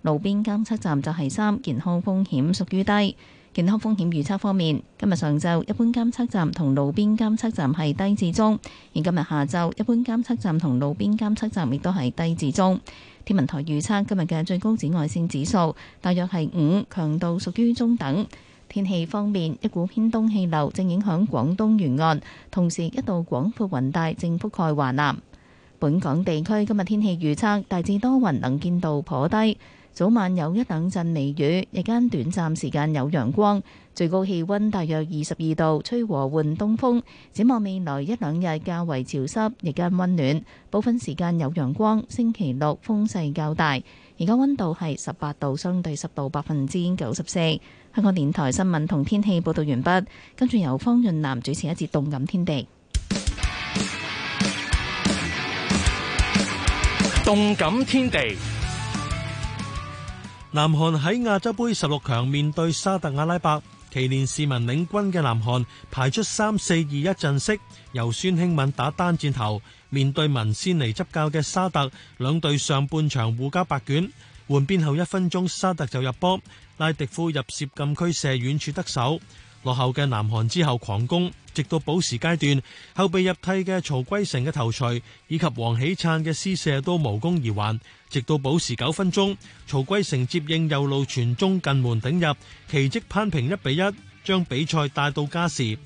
路邊監測站就係三，健康風險屬於低。健康風險預測方面，今日上晝一般監測站同路邊監測站係低至中，而今日下晝一般監測站同路邊監測站亦都係低至中。天文台預測今日嘅最高紫外線指數大約係五，強度屬於中等。天氣方面，一股偏東氣流正影響廣東沿岸，同時一道廣闊雲帶正覆蓋華南。本港地區今日天，天氣預測大致多雲，能見度頗低。早晚有一兩陣微雨，日間短暫時間有陽光，最高氣溫大約二十二度，吹和緩東風。展望未來一兩日較為潮濕，日間溫暖，部分時間有陽光。星期六風勢較大，而家溫度係十八度，相對濕度百分之九十四。香港電台新聞同天氣報道完畢，跟住由方潤南主持一節動感天地。動感天地。南韓喺亞洲盃十六強面對沙特阿拉伯，奇連士文領軍嘅南韓排出三四二一陣式，由孫興敏打單箭頭。面對文仙尼執教嘅沙特，兩隊上半場互交白卷。換邊後一分鐘，沙特就入波，拉迪夫入涉禁區射禁區射遠處得手。落後嘅南韓之後狂攻，直到補時階段，後備入替嘅曹圭成嘅頭槌，以及黃喜燦嘅施射都無功而還。直到補時九分鐘，曹圭成接應右路傳中近門頂入，奇蹟攀平一比一，將比賽帶到加時。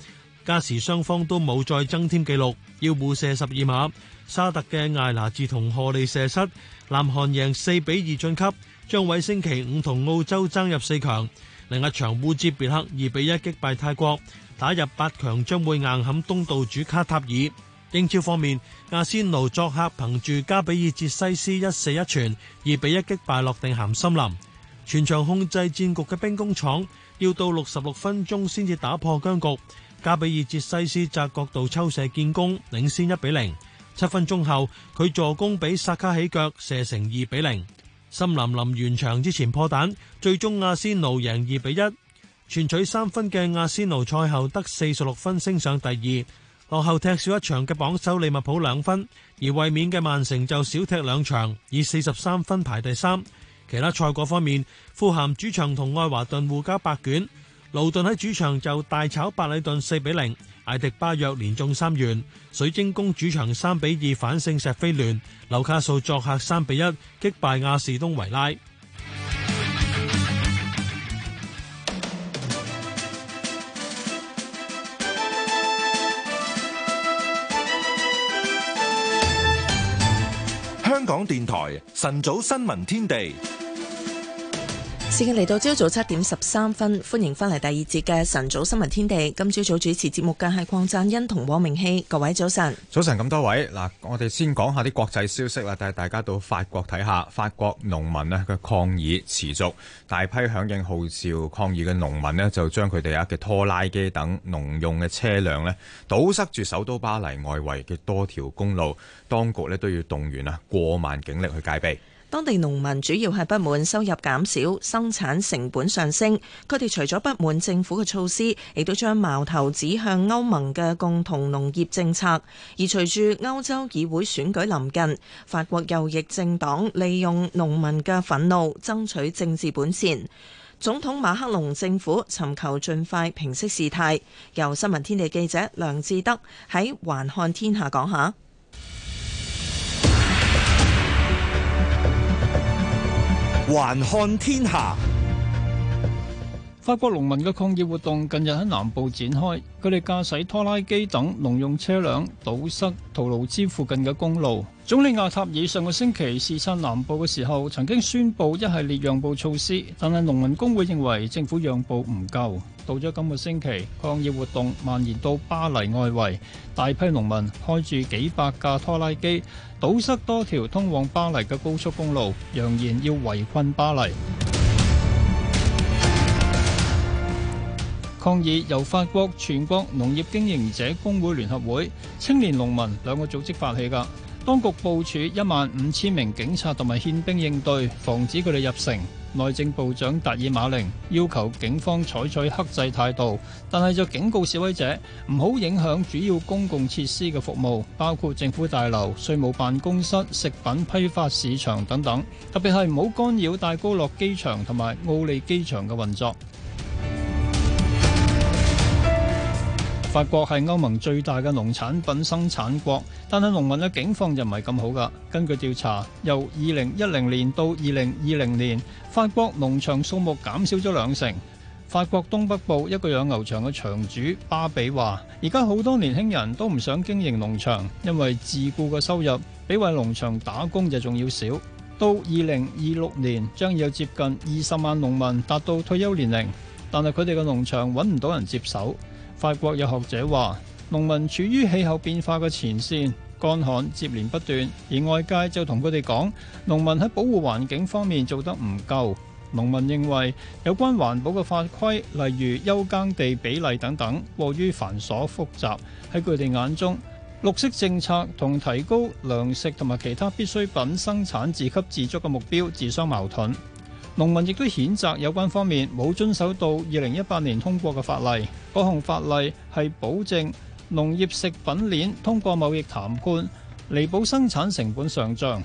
加時雙方都冇再增添紀錄，要互射十二碼。沙特嘅艾拿治同荷利射失，南韓贏四比二晉級，將偉星期五同澳洲爭入四強。另一場烏茲別克二比一擊敗泰國，打入八強將會硬撼東道主卡塔爾。英超方面，阿仙奴作客憑住加比爾捷西斯一四一傳二比一擊敗諾定咸森林。全場控制戰局嘅兵工廠要到六十六分鐘先至打破僵局。加比爾捷西斯窄角度抽射建功，領先一比零。七分鐘後，佢助攻比薩卡起腳射成二比零。森林臨完場之前破蛋，最終阿仙奴贏二比一，全取三分嘅阿仙奴賽後得四十六分，升上第二。落後踢少一場嘅榜首利物浦兩分，而衛冕嘅曼城就少踢兩場，以四十三分排第三。其他賽果方面，富咸主場同愛華頓互交白卷，勞頓喺主場就大炒百里頓四比零，艾迪巴約連中三元，水晶宮主場三比二反勝石飛聯，紐卡素作客三比一擊敗亞士東維拉。香港電台晨早新聞天地。時間嚟到朝早七點十三分，歡迎翻嚟第二節嘅晨早新聞天地。今朝早主持節目嘅係鄺贊恩同黃明熙。各位早晨。早晨咁多位，嗱，我哋先講下啲國際消息啦。帶大家到法國睇下，法國農民呢嘅抗議持續，大批響應號召抗議嘅農民呢，就將佢哋啊嘅拖拉機等農用嘅車輛呢，堵塞住首都巴黎外圍嘅多條公路，當局呢都要動員啊過萬警力去戒備。當地農民主要係不滿收入減少、生產成本上升。佢哋除咗不滿政府嘅措施，亦都將矛頭指向歐盟嘅共同農業政策。而隨住歐洲議會選舉臨近，法國右翼政黨利用農民嘅憤怒爭取政治本錢。總統馬克龍政府尋求盡快平息事態。由新聞天地記者梁志德喺環看天下講下。還看天下。法國農民嘅抗議活動近日喺南部展開,佢哋駕駛拖拉機等農用車輛堵塞圖盧茲附近嘅公路。總理阿塔爾上個星期視察南部嘅時候,曾經宣布一系列讓步措施,但係農民工會認為政府讓步唔夠。到咗今個星期,抗議活動蔓延到巴黎外圍,大批農民開住幾百架拖拉機,堵塞多條通往巴黎嘅高速公路,揚言要圍困巴黎。抗議由法國全國農業經營者工會聯合會、青年農民兩個組織發起噶。當局部署一萬五千名警察同埋憲兵應對，防止佢哋入城。內政部長達爾馬寧要求警方採取克制態度，但係就警告示威者唔好影響主要公共設施嘅服務，包括政府大樓、稅務辦公室、食品批發市場等等，特別係唔好干擾戴高樂機場同埋奧利機場嘅運作。法國係歐盟最大嘅農產品生產國，但係農民嘅境況就唔係咁好噶。根據調查，由二零一零年到二零二零年，法國農場數目減少咗兩成。法國東北部一個養牛場嘅場主巴比話，而家好多年輕人都唔想經營農場，因為自僱嘅收入比為農場打工就仲要少。到二零二六年，將有接近二十萬農民達到退休年齡，但係佢哋嘅農場揾唔到人接手。法國有學者話：農民處於氣候變化嘅前線，乾旱接連不斷，而外界就同佢哋講，農民喺保護環境方面做得唔夠。農民認為有關環保嘅法規，例如休耕地比例等等，過於繁瑣複雜。喺佢哋眼中，綠色政策同提高糧食同埋其他必需品生產自給自足嘅目標自相矛盾。農民亦都譴責有關方面冇遵守到二零一八年通過嘅法例，嗰項法例係保證農業食品鏈通過貿易談判，彌補生產成本上漲。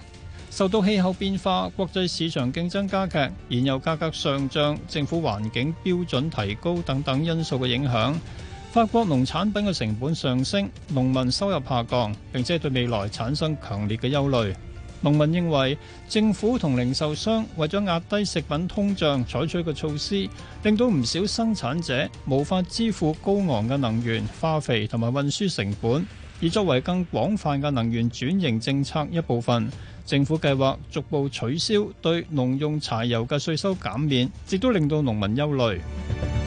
受到氣候變化、國際市場競爭加劇、燃油價格上漲、政府環境標準提高等等因素嘅影響，法國農產品嘅成本上升，農民收入下降，並且對未來產生強烈嘅憂慮。農民認為，政府同零售商為咗壓低食品通脹採取嘅措施，令到唔少生產者無法支付高昂嘅能源、化肥同埋運輸成本。而作為更廣泛嘅能源轉型政策一部分，政府計劃逐步取消對農用柴油嘅稅收減免，亦都令到農民憂慮。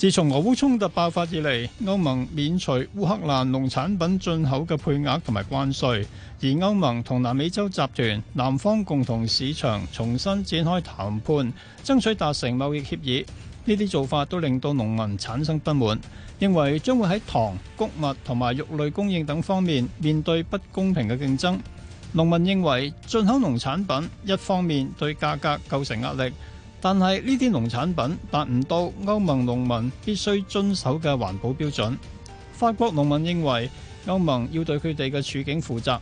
自從俄烏衝突爆發以嚟，歐盟免除烏克蘭農產品進口嘅配額同埋關稅，而歐盟同南美洲集團南方共同市場重新展開談判，爭取達成貿易協議。呢啲做法都令到農民產生不滿，認為將會喺糖、穀物同埋肉類供應等方面面對不公平嘅競爭，農民認為進口農產品一方面對價格構成壓力。但係呢啲農產品達唔到歐盟農民必須遵守嘅環保標準。法國農民認為歐盟要對佢哋嘅處境負責。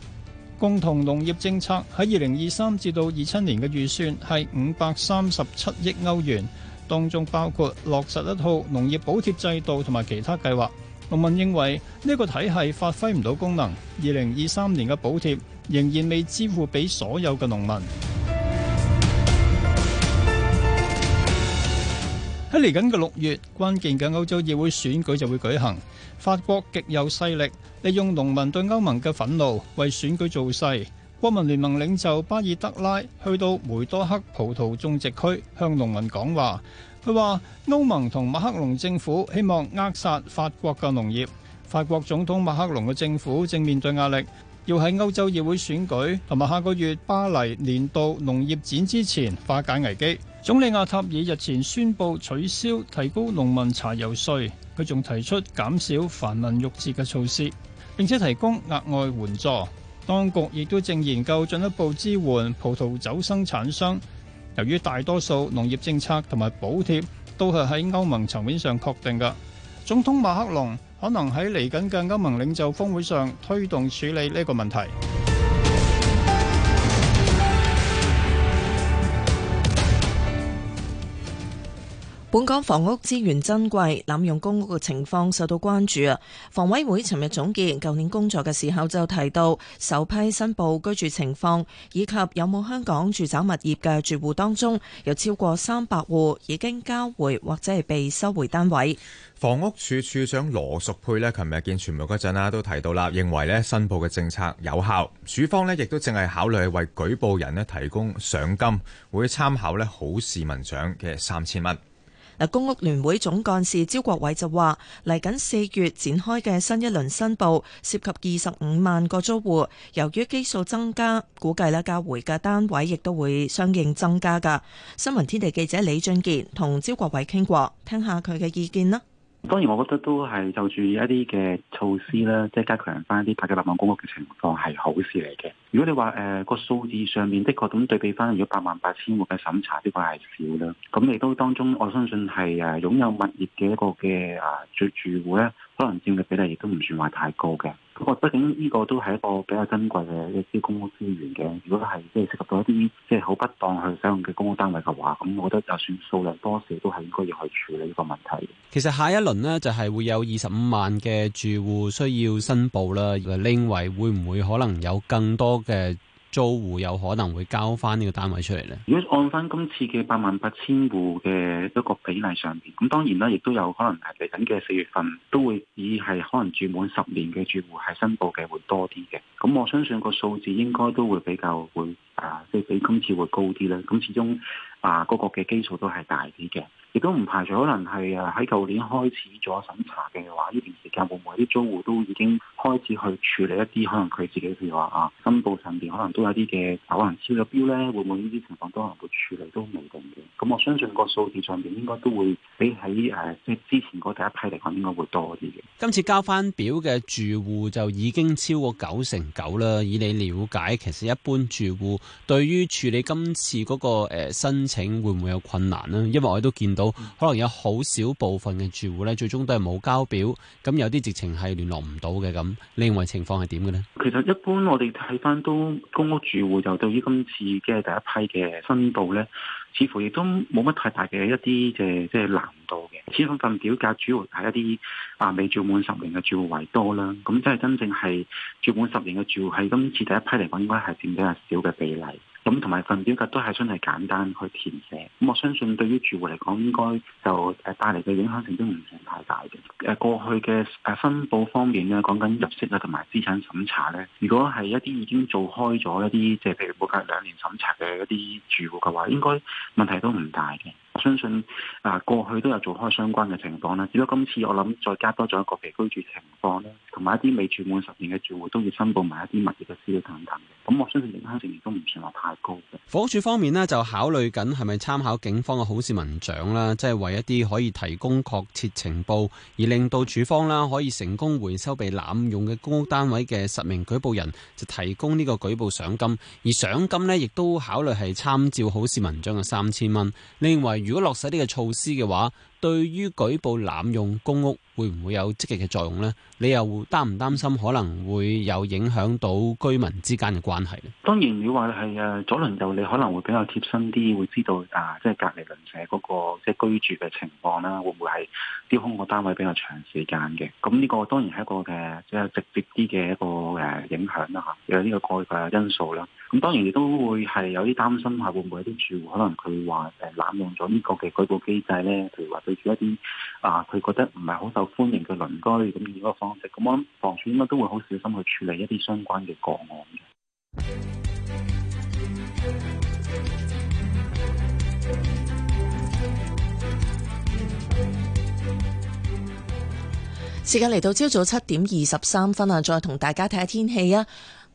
共同農業政策喺二零二三至到二七年嘅預算係五百三十七億歐元，當中包括落實一套農業補貼制度同埋其他計劃。農民認為呢個體系發揮唔到功能。二零二三年嘅補貼仍然未支付俾所有嘅農民。喺嚟緊嘅六月，關鍵嘅歐洲議會選舉就會舉行。法國極右勢力，利用農民對歐盟嘅憤怒，為選舉造勢。國民聯盟領袖巴爾德拉去到梅多克葡萄種植區，向農民講話。佢話：歐盟同馬克龍政府希望扼殺法國嘅農業。法國總統馬克龍嘅政府正面對壓力。要喺歐洲議會選舉同埋下個月巴黎年度農業展之前化解危機。總理阿塔爾日前宣布取消提高農民柴油稅，佢仲提出減少繁文縟節嘅措施，並且提供額外援助。當局亦都正研究進一步支援葡萄酒生產商。由於大多數農業政策同埋補貼都係喺歐盟層面上確定嘅，總統馬克龍，可能喺嚟緊嘅歐盟領袖峰會上推動處理呢個問題。本港房屋資源珍貴，濫用公屋嘅情況受到關注啊。房委會尋日總結舊年工作嘅時候就提到，首批申報居住情況以及有冇香港住宅物業嘅住戶當中，有超過三百戶已經交回或者係被收回單位。房屋署署、署長羅淑佩呢，尋日見傳媒嗰陣啦，都提到啦，認為呢申報嘅政策有效，署方呢亦都淨係考慮為舉報人呢提供賞金，會參考呢好市民獎嘅三千蚊。公屋聯會總幹事招國偉就話：嚟緊四月展開嘅新一輪申報，涉及二十五萬個租戶。由於基數增加，估計咧交回嘅單位亦都會相應增加㗎。新聞天地記者李俊傑同招國偉傾過，聽下佢嘅意見啦。當然，我覺得都係就住一啲嘅措施啦，即係加強翻一啲大家立萬公屋嘅情況係好事嚟嘅。如果你話誒、呃、個數字上面的確咁對比翻，如果八萬八千戶嘅審查，呢個係少啦。咁亦都當中，我相信係誒擁有物業嘅一個嘅啊住住戶咧。可能佔嘅比例亦都唔算話太高嘅，不過畢竟呢個都係一個比較珍貴嘅一啲公屋資源嘅。如果係即係涉及到一啲即係好不當去使用嘅公屋單位嘅話，咁我覺得就算數量多少都係應該要去處理呢個問題。其實下一輪呢，就係會有二十五萬嘅住戶需要申報啦，認為會唔會可能有更多嘅？租戶有可能會交翻呢個單位出嚟呢。如果按翻今次嘅八萬八千戶嘅一個比例上邊，咁當然啦，亦都有可能係嚟緊嘅四月份都會以係可能住滿十年嘅住戶係申報嘅會多啲嘅。咁我相信個數字應該都會比較會啊，即、呃、係比今次會高啲啦。咁始終。啊，嗰、那個嘅基數都係大啲嘅，亦都唔排除可能係誒喺舊年開始咗審查嘅話，呢段時間會唔會啲租戶都已經開始去處理一啲可能佢自己譬如話啊，申報上邊可能都有啲嘅可能超咗標咧，會唔會呢啲情況都可能會處理都未定嘅？咁我相信個數字上邊應該都會比喺誒即係之前嗰第一批嚟講應該會多啲嘅。今次交翻表嘅住戶就已經超過九成九啦。嗯、以你了解，其實一般住戶對於處理今次嗰、那個、呃、新請會唔會有困難呢？因為我都見到可能有好少部分嘅住戶咧，最終都係冇交表，咁有啲直情係聯絡唔到嘅咁。另外情況係點嘅呢？其實一般我哋睇翻都公屋住戶就對於今次嘅第一批嘅申報呢，似乎亦都冇乜太大嘅一啲嘅即係難度嘅。簽份表格主要係一啲啊未住滿十年嘅住戶為多啦。咁即係真正係住滿十年嘅住戶，喺今次第一批嚟講，應該係佔比較少嘅比例。咁同埋份表格都係真係簡單去填寫，咁我相信對於住戶嚟講，應該就誒帶嚟嘅影響性都唔算太大嘅。誒過去嘅誒分佈方面咧，講緊入息啊同埋資產審查咧，如果係一啲已經做開咗一啲，即係譬如每隔兩年審查嘅一啲住戶嘅話，應該問題都唔大嘅。我相信啊，過去都有做開相關嘅情況啦，只不過今次我諗再加多咗一個被居住情況啦，同埋一啲未住滿十年嘅住戶都要申報埋一啲物業嘅資料等等嘅。咁我相信影響性亦都唔算話太高嘅。房署方面咧就考慮緊係咪參考警方嘅好市民獎啦，即係為一啲可以提供確切情報，而令到署方啦可以成功回收被濫用嘅公屋單位嘅實名舉報人，就提供呢個舉報賞金。而賞金咧亦都考慮係參照好市民獎嘅三千蚊。你認為如果落實呢個措施嘅話，對於舉報濫用公屋會唔會有積極嘅作用呢？你又擔唔擔心可能會有影響到居民之間嘅關係呢？當然，你話係誒左輪就你可能會比較貼身啲，會知道啊，即、就、係、是、隔離鄰舍嗰、那個即係居住嘅情況啦，會唔會係丟空嗰單位比較長時間嘅？咁呢個當然係一個嘅即係直接啲嘅一個誒影響啦嚇，有、啊、呢個概括嘅因素啦。咁、啊、當然亦都會係有啲擔心，係會唔會有啲住戶可能佢話誒濫用咗呢個嘅舉報機制呢。譬如話。對住一啲啊，佢覺得唔係好受歡迎嘅鄰居，咁以嗰個方式，咁我諗房署應該都會好小心去處理一啲相關嘅個案嘅。時間嚟到朝早七點二十三分啊，再同大家睇下天氣啊。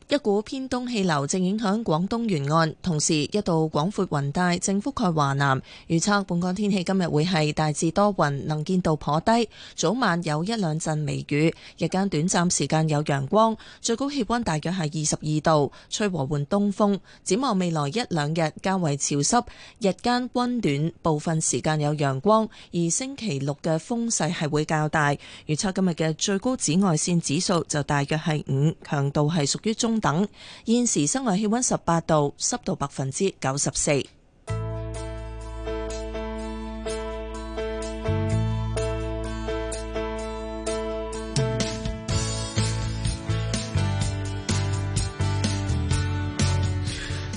一股偏東氣流正影響廣東沿岸，同時一道廣闊雲帶正覆蓋華南。預測本港天氣今日會係大致多雲，能見度頗低，早晚有一兩陣微雨，日間短暫時間有陽光，最高氣溫大約係二十二度，吹和緩東風。展望未來一兩日較為潮濕，日間溫暖，部分時間有陽光，而星期六嘅風勢係會較大。預測今日嘅最高紫外線指數就大約係五，強度係屬於中。等現時室外氣溫十八度，濕度百分之九十四。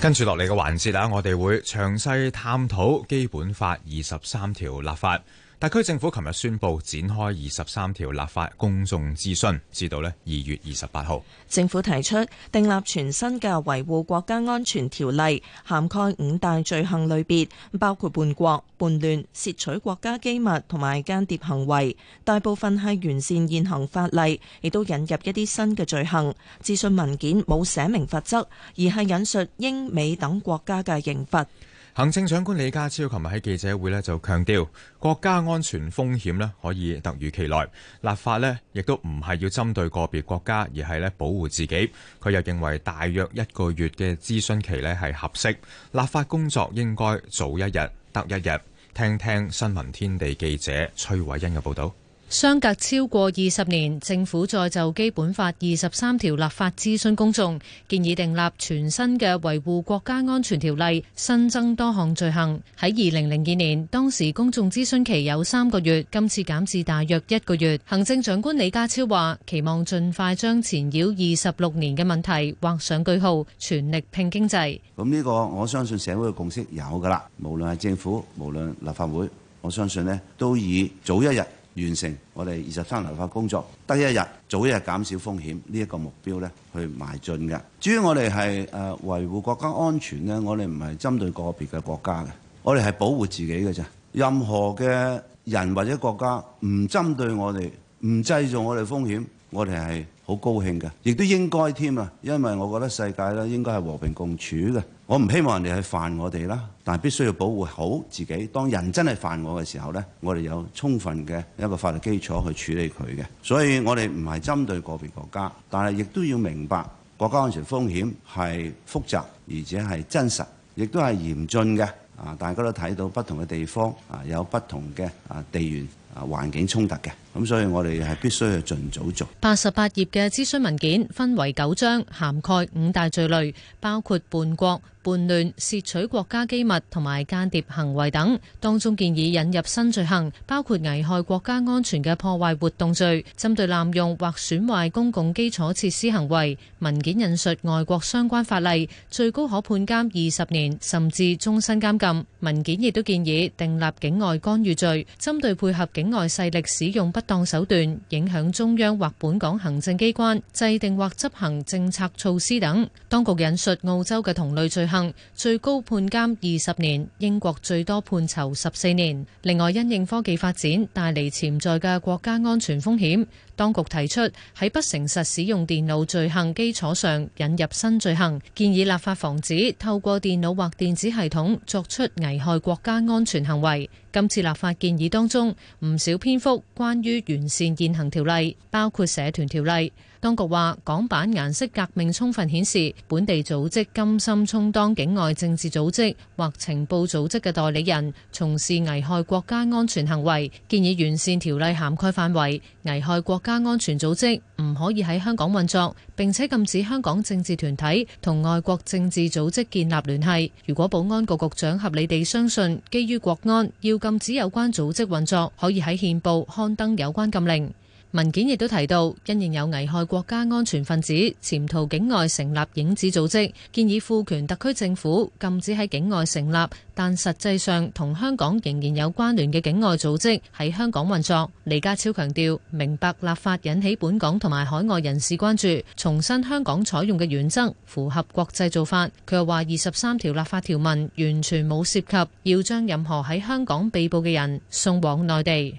跟住落嚟嘅環節啊，我哋會詳細探討《基本法》二十三條立法。特區政府琴日宣佈展開二十三條立法公眾諮詢，至到咧二月二十八號。政府提出訂立全新嘅維護國家安全條例，涵蓋五大罪行類別，包括叛國、叛亂、竊取國家機密同埋間諜行為。大部分係完善現行法例，亦都引入一啲新嘅罪行。諮詢文件冇寫明罰則，而係引述英美等國家嘅刑罰。行政長官李家超琴日喺記者會呢就強調，國家安全風險呢可以突如其來，立法呢亦都唔係要針對個別國家，而係呢保護自己。佢又認為大約一個月嘅諮詢期呢係合適，立法工作應該早一日得一日。聽聽新聞天地記者崔偉欣嘅報導。相隔超過二十年，政府再就《基本法》二十三條立法諮詢公眾，建議訂立全新嘅維護國家安全條例，新增多項罪行。喺二零零二年，當時公眾諮詢期有三個月，今次減至大約一個月。行政長官李家超話：期望盡快將纏繞二十六年嘅問題畫上句號，全力拼經濟。咁呢個我相信社會嘅共識有噶啦，無論係政府，無論立法會，我相信呢都以早一日完成我哋二十三立法工作，得一日早一日減少風險，呢一個目標咧，去邁進嘅。至於我哋係誒維護國家安全咧，我哋唔係針對個別嘅國家嘅，我哋係保護自己嘅啫。任何嘅人或者國家唔針對我哋，唔製造我哋風險，我哋係好高興嘅，亦都應該添啊！因為我覺得世界咧，應該係和平共處嘅。我唔希望人哋去犯我哋啦，但係必須要保護好自己。當人真係犯我嘅時候咧，我哋有充分嘅一個法律基礎去處理佢嘅。所以我哋唔係針對個別國家，但係亦都要明白國家安全風險係複雜而且係真實，亦都係嚴峻嘅。啊，大家都睇到不同嘅地方啊，有不同嘅，啊地緣啊環境衝突嘅。咁所以，我哋係必須要盡早做。八十八頁嘅諮詢文件分為九章，涵蓋五大罪類，包括叛國、叛亂、竊取國家機密同埋間諜行為等。當中建議引入新罪行，包括危害國家安全嘅破壞活動罪，針對濫用或損壞公共基礎設施行為。文件引述外國相關法例，最高可判監二十年，甚至終身監禁。文件亦都建議訂立境外干預罪，針對配合境外勢力使用。不當手段影響中央或本港行政機關制定或執行政策措施等，當局引述澳洲嘅同類罪行，最高判監二十年；英國最多判囚十四年。另外，因應科技發展帶嚟潛在嘅國家安全風險。當局提出喺不誠實使用電腦罪行基礎上引入新罪行，建議立法防止透過電腦或電子系統作出危害國家安全行為。今次立法建議當中唔少篇幅關於完善現行條例，包括社團條例。當局話，港版顏色革命充分顯示本地組織甘心充當境外政治組織或情報組織嘅代理人，從事危害國家安全行為。建議完善條例涵蓋範圍，危害國家安全組織唔可以喺香港運作，並且禁止香港政治團體同外國政治組織建立聯繫。如果保安局局長合理地相信，基於國安要禁止有關組織運作，可以喺憲報刊登有關禁令。文件亦都提到，因應有危害國家安全分子潛逃境外成立影子組織，建議賦權特區政府禁止喺境外成立，但實際上同香港仍然有關聯嘅境外組織喺香港運作。李家超強調，明白立法引起本港同埋海外人士關注，重申香港採用嘅原則符合國際做法。佢又話，二十三條立法條文完全冇涉及要將任何喺香港被捕嘅人送往內地。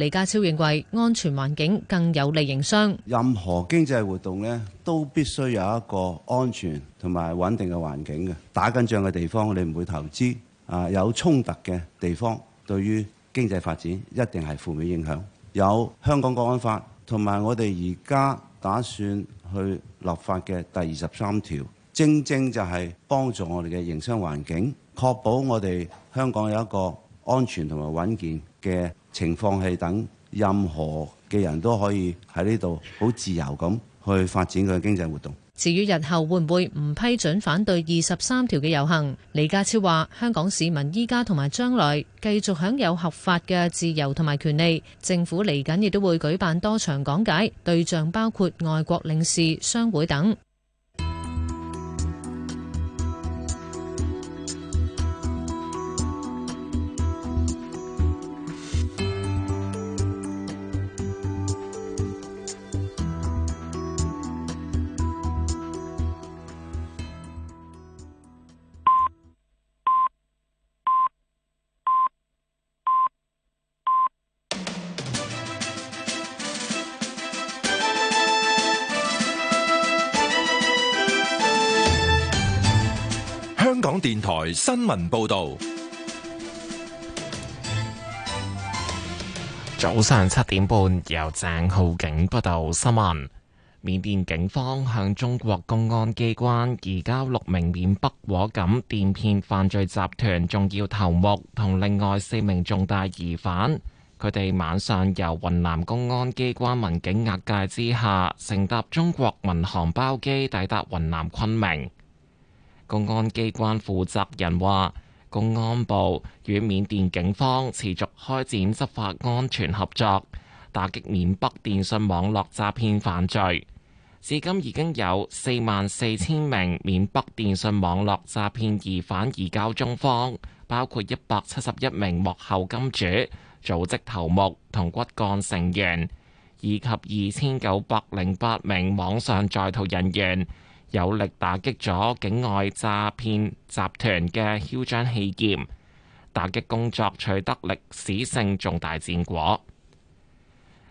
李家超認為安全環境更有利營商。任何經濟活動咧，都必須有一個安全同埋穩定嘅環境嘅。打緊仗嘅地方，我哋唔會投資。啊，有衝突嘅地方，對於經濟發展一定係負面影響。有香港國安法同埋我哋而家打算去立法嘅第二十三條，正正就係幫助我哋嘅營商環境，確保我哋香港有一個。安全同埋穩健嘅情況，係等任何嘅人都可以喺呢度好自由咁去發展佢嘅經濟活動。至於日後會唔會唔批准反對二十三條嘅遊行，李家超話，香港市民依家同埋將來繼續享有合法嘅自由同埋權利，政府嚟緊亦都會舉辦多場講解，對象包括外國領事、商會等。新聞報道，早上七點半由鄭浩景報道新聞。緬甸警方向中國公安機關移交六名緬北果敢電騙犯罪集團重要頭目同另外四名重大疑犯，佢哋晚上由雲南公安機關民警押解之下，乘搭中國民航包機抵達雲南昆明。公安機關負責人話：公安部與緬甸警方持續開展執法安全合作，打擊緬北電信網絡詐騙犯罪。至今已經有四萬四千名緬北電信網絡詐騙疑犯移交中方，包括一百七十一名幕後金主、組織頭目同骨幹成員，以及二千九百零八名網上在逃人員。有力打擊咗境外詐騙集團嘅囂張氣焰，打擊工作取得歷史性重大戰果。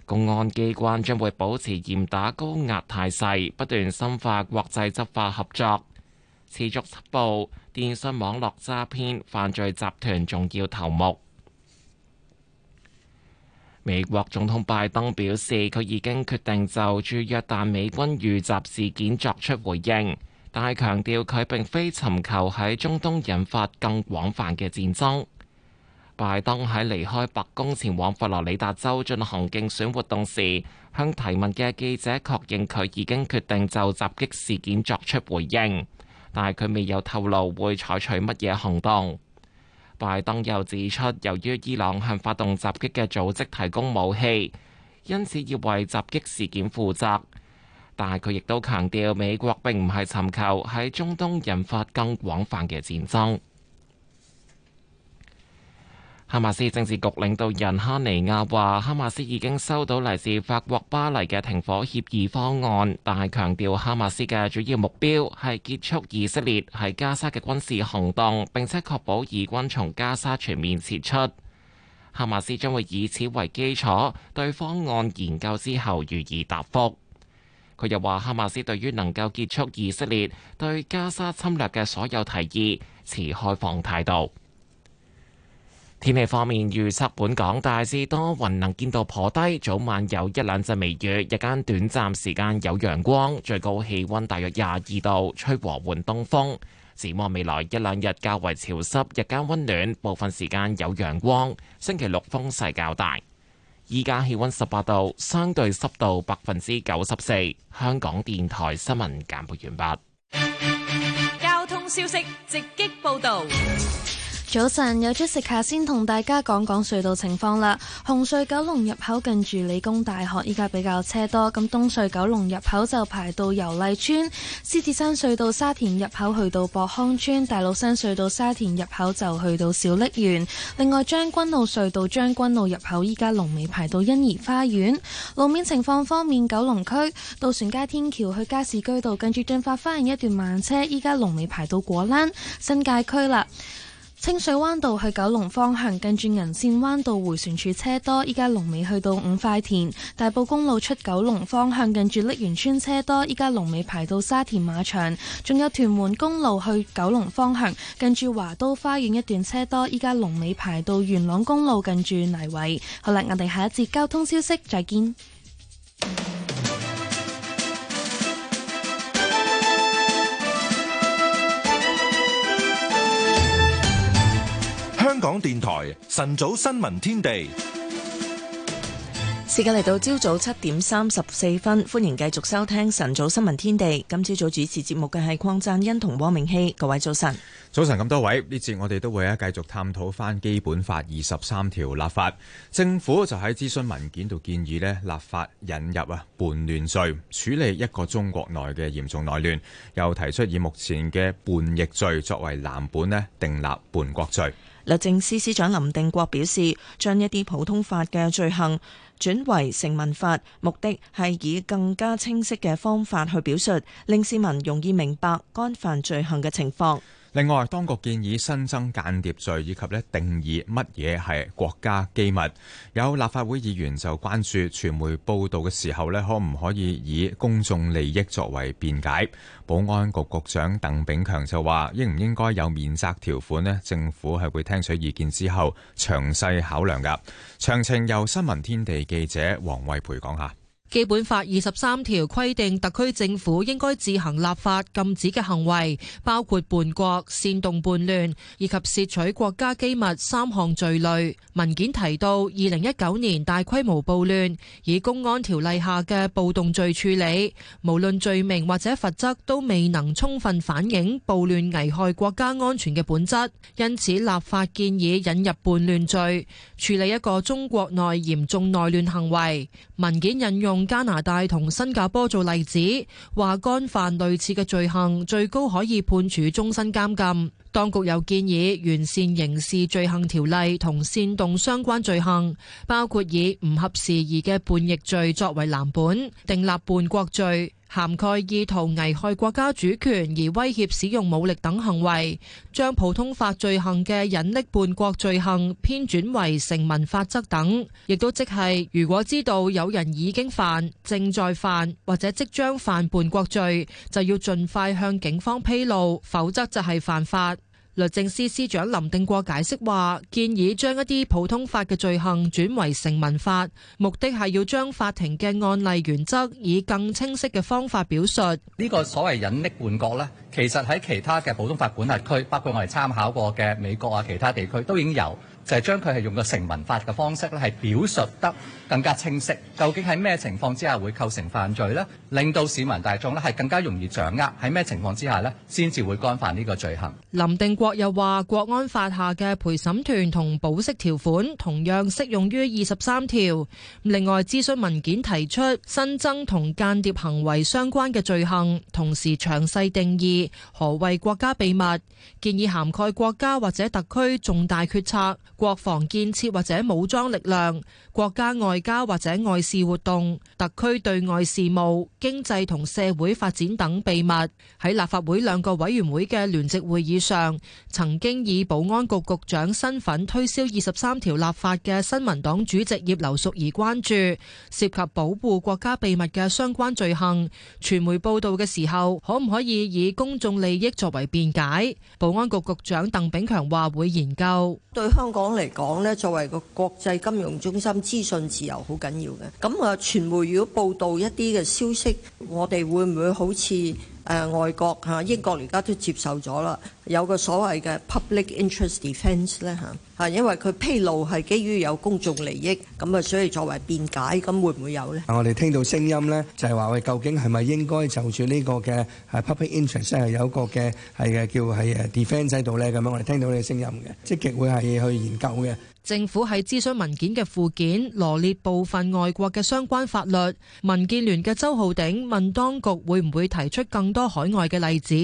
公安機關將會保持嚴打高壓態勢，不斷深化國際執法合作，持續緝捕電信網絡詐騙犯罪集團重要頭目。美國總統拜登表示，佢已經決定就駐約旦美軍遇襲事件作出回應，但係強調佢並非尋求喺中東引發更廣泛嘅戰爭。拜登喺離開白宮前往佛羅里達州進行競選活動時，向提問嘅記者確認佢已經決定就襲擊事件作出回應，但係佢未有透露會採取乜嘢行動。拜登又指出，由於伊朗向發動襲擊嘅組織提供武器，因此要為襲擊事件負責。但係佢亦都強調，美國並唔係尋求喺中東引發更廣泛嘅戰爭。哈馬斯政治局領導人哈尼亞話：哈馬斯已經收到嚟自法國巴黎嘅停火協議方案，但係強調哈馬斯嘅主要目標係結束以色列喺加沙嘅軍事行動，並且確保以軍從加沙全面撤出。哈馬斯將會以此為基礎，對方案研究之後予以答覆。佢又話：哈馬斯對於能夠結束以色列對加沙侵略嘅所有提議，持開放態度。天氣方面，預測本港大致多雲，能見度頗低，早晚有一兩陣微雨，日間短暫時間有陽光，最高氣溫大約廿二度，吹和緩東風。展望未來一兩日較為潮濕，日間溫暖，部分時間有陽光。星期六風勢較大。依家氣溫十八度，相對濕度百分之九十四。香港電台新聞簡報完畢。交通消息直擊報道。早晨，有 Jessica 先，同大家講講隧道情況啦。紅隧九龍入口近住理工大學，依家比較車多。咁東隧九龍入口就排到油麗村，獅子山隧道沙田入口去到博康村，大老山隧道沙田入口就去到小瀝源。另外將軍澳隧道將軍澳入口依家龍尾排到欣怡花園。路面情況方面，九龍區渡船街天橋去加士居道近住駿發花園一段慢車，依家龍尾排到果欄，新界區啦。清水灣道去九龍方向，近住銀綫灣道回旋處車多，依家龍尾去到五塊田；大埔公路出九龍方向，近住瀝源村車多，依家龍尾排到沙田馬場；仲有屯門公路去九龍方向，近住華都花園一段車多，依家龍尾排到元朗公路近住泥圍。好啦，我哋下一節交通消息再見。香港電台晨早新聞天地，時間嚟到朝早七點三十四分，歡迎繼續收聽晨早新聞天地。今朝早主持節目嘅係鄺讚恩同汪明熙。各位早晨，早晨咁多位，呢次我哋都會咧繼續探討翻《基本法》二十三條立法。政府就喺諮詢文件度建議咧立法引入啊叛亂罪，處理一個中國內嘅嚴重內亂，又提出以目前嘅叛逆罪作為藍本咧訂立叛國罪。律政司司長林定國表示，將一啲普通法嘅罪行轉為成文法，目的係以更加清晰嘅方法去表述，令市民容易明白干犯罪行嘅情況。另外，當局建議新增間諜罪，以及咧定義乜嘢係國家機密。有立法會議員就關注傳媒報道嘅時候咧，可唔可以以公眾利益作為辯解？保安局局長鄧炳強就話，應唔應該有免責條款呢？政府係會聽取意見之後詳細考量噶。詳情由新聞天地記者黃慧培講下。基本法二十三條規定，特區政府應該自行立法禁止嘅行為，包括叛國、煽動叛亂以及竊取國家機密三項罪類。文件提到，二零一九年大規模暴亂以公安條例下嘅暴動罪處理，無論罪名或者罰則，都未能充分反映暴亂危害國家安全嘅本質。因此，立法建議引入叛亂罪，處理一個中國內嚴重內亂行為。文件引用。用加拿大同新加坡做例子，話干犯類似嘅罪行，最高可以判處終身監禁。當局又建議完善刑事罪行條例同煽動相關罪行，包括以唔合時宜嘅叛逆罪作為藍本，訂立叛國罪。涵蓋意圖危害國家主權而威脅使用武力等行為，將普通法罪行嘅隱匿叛國罪行編轉為成文法則等，亦都即係如果知道有人已經犯、正在犯或者即將犯叛國罪，就要盡快向警方披露，否則就係犯法。律政司司長林定國解釋話，建議將一啲普通法嘅罪行轉為成文法，目的係要將法庭嘅案例原則以更清晰嘅方法表述。呢個所謂隱匿換角咧，其實喺其他嘅普通法管轄區，包括我哋參考過嘅美國啊，其他地區都已經有，就係將佢係用個成文法嘅方式咧，係表述得更加清晰，究竟喺咩情況之下會構成犯罪呢？令到市民大眾呢係更加容易掌握喺咩情況之下呢？先至會干犯呢個罪行。林定國又話，國安法下嘅陪審團同保釋條款同樣適用於二十三條。另外，諮詢文件提出新增同間諜行為相關嘅罪行，同時詳細定義何謂國家秘密，建議涵蓋國家或者特區重大決策、國防建設或者武裝力量。國家外交或者外事活動、特區對外事務、經濟同社會發展等秘密，喺立法會兩個委員會嘅聯席會議上，曾經以保安局局長身份推銷二十三條立法嘅新民黨主席葉劉淑儀關注涉及保護國家秘密嘅相關罪行，傳媒報道嘅時候可唔可以以公眾利益作為辯解？保安局局長鄧炳強話會研究。對香港嚟講呢，作為個國際金融中心。資訊自由好緊要嘅，咁啊傳媒如果報導一啲嘅消息，我哋會唔會好似誒外國嚇英國而家都接受咗啦，有個所謂嘅 public interest defence 咧嚇嚇，因為佢披露係基於有公眾利益，咁啊所以作為辯解，咁會唔會有咧？我哋聽到聲音咧，就係話喂，究竟係咪應該就住呢個嘅誒 public interest 係有一個嘅係嘅叫係誒 defence 喺度咧？咁樣我哋聽到你聲音嘅即係會係去研究嘅。政府喺諮詢文件嘅附件羅列部分外國嘅相關法律。民建聯嘅周浩鼎問當局會唔會提出更多海外嘅例子？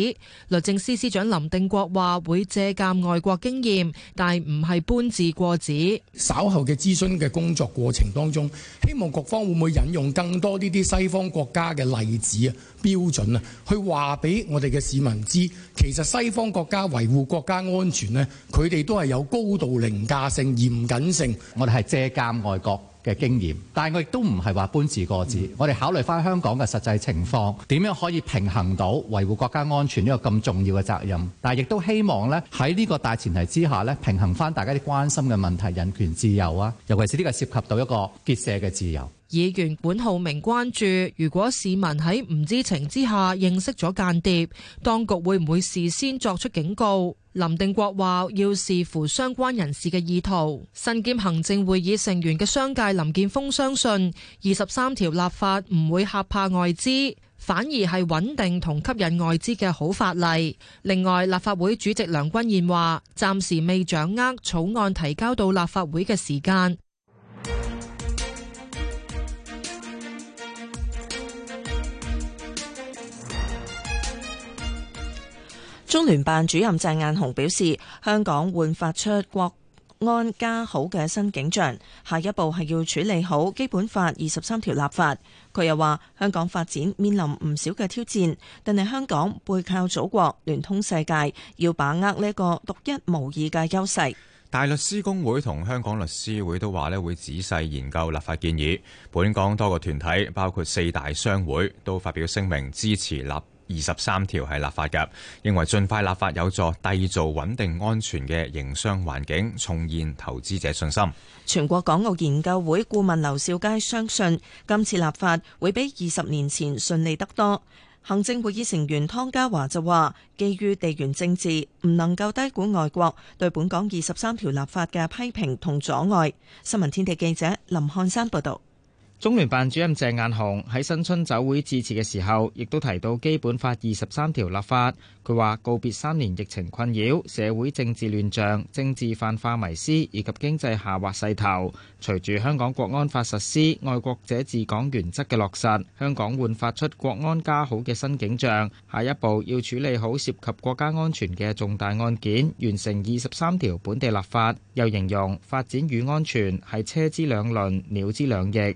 律政司司長林定國話會借鑑外國經驗，但唔係搬字過紙。稍後嘅諮詢嘅工作過程當中，希望各方會唔會引用更多呢啲西方國家嘅例子啊標準啊，去話俾我哋嘅市民知，其實西方國家維護國家安全咧，佢哋都係有高度凌駕性嚴謹性，我哋係借鑑外國嘅經驗，但係我亦都唔係話搬字過字。嗯、我哋考慮翻香港嘅實際情況，點樣可以平衡到維護國家安全呢個咁重要嘅責任？但係亦都希望呢，喺呢個大前提之下呢，平衡翻大家啲關心嘅問題，人權自由啊，尤其是呢個涉及到一個結社嘅自由。議員管浩鳴關注，如果市民喺唔知情之下認識咗間諜，當局會唔會事先作出警告？林定國話要視乎相關人士嘅意圖。身兼行政會議成員嘅商界林健鋒相信，二十三條立法唔會嚇怕外資，反而係穩定同吸引外資嘅好法例。另外，立法會主席梁君彥話，暫時未掌握草案提交到立法會嘅時間。中聯辦主任鄭雁雄表示，香港煥發出國安家好嘅新景象，下一步係要處理好《基本法》二十三條立法。佢又話，香港發展面臨唔少嘅挑戰，但係香港背靠祖國，聯通世界，要把握呢一個獨一無二嘅優勢。大律師公會同香港律師會都話咧，會仔細研究立法建議。本港多個團體，包括四大商會，都發表聲明支持立法。二十三條係立法㗎，認為盡快立法有助締造穩定安全嘅營商環境，重現投資者信心。全國港澳研究會顧問劉少佳相信今次立法會比二十年前順利得多。行政會議成員湯家驊就話，基於地緣政治，唔能夠低估外國對本港二十三條立法嘅批評同阻礙。新聞天地記者林漢山報道。中聯辦主任鄭雁雄喺新春酒會致辭嘅時候，亦都提到《基本法》二十三條立法。佢話：告別三年疫情困擾、社會政治亂象、政治泛化迷思以及經濟下滑勢頭，隨住香港國安法實施、愛國者治港原則嘅落實，香港換發出國安加好煥發出國安家好嘅新景象。下一步要處理好涉及國家安全嘅重大案件，完成二十三條本地立法。又形容發展與安全係車之兩輪、鳥之兩翼。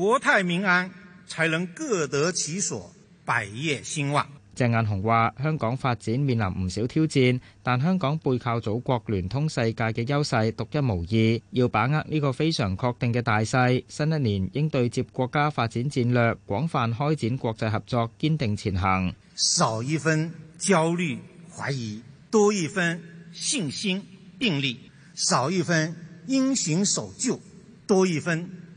國泰民安，才能各得其所，百業興旺。鄭雁雄話：香港發展面臨唔少挑戰，但香港背靠祖國、聯通世界嘅優勢獨一無二。要把握呢個非常確定嘅大勢，新一年應對接國家發展戰略，廣泛開展國際合作，堅定前行。少一分焦慮懷疑，多一分信心定力；少一分因循守舊，多一分。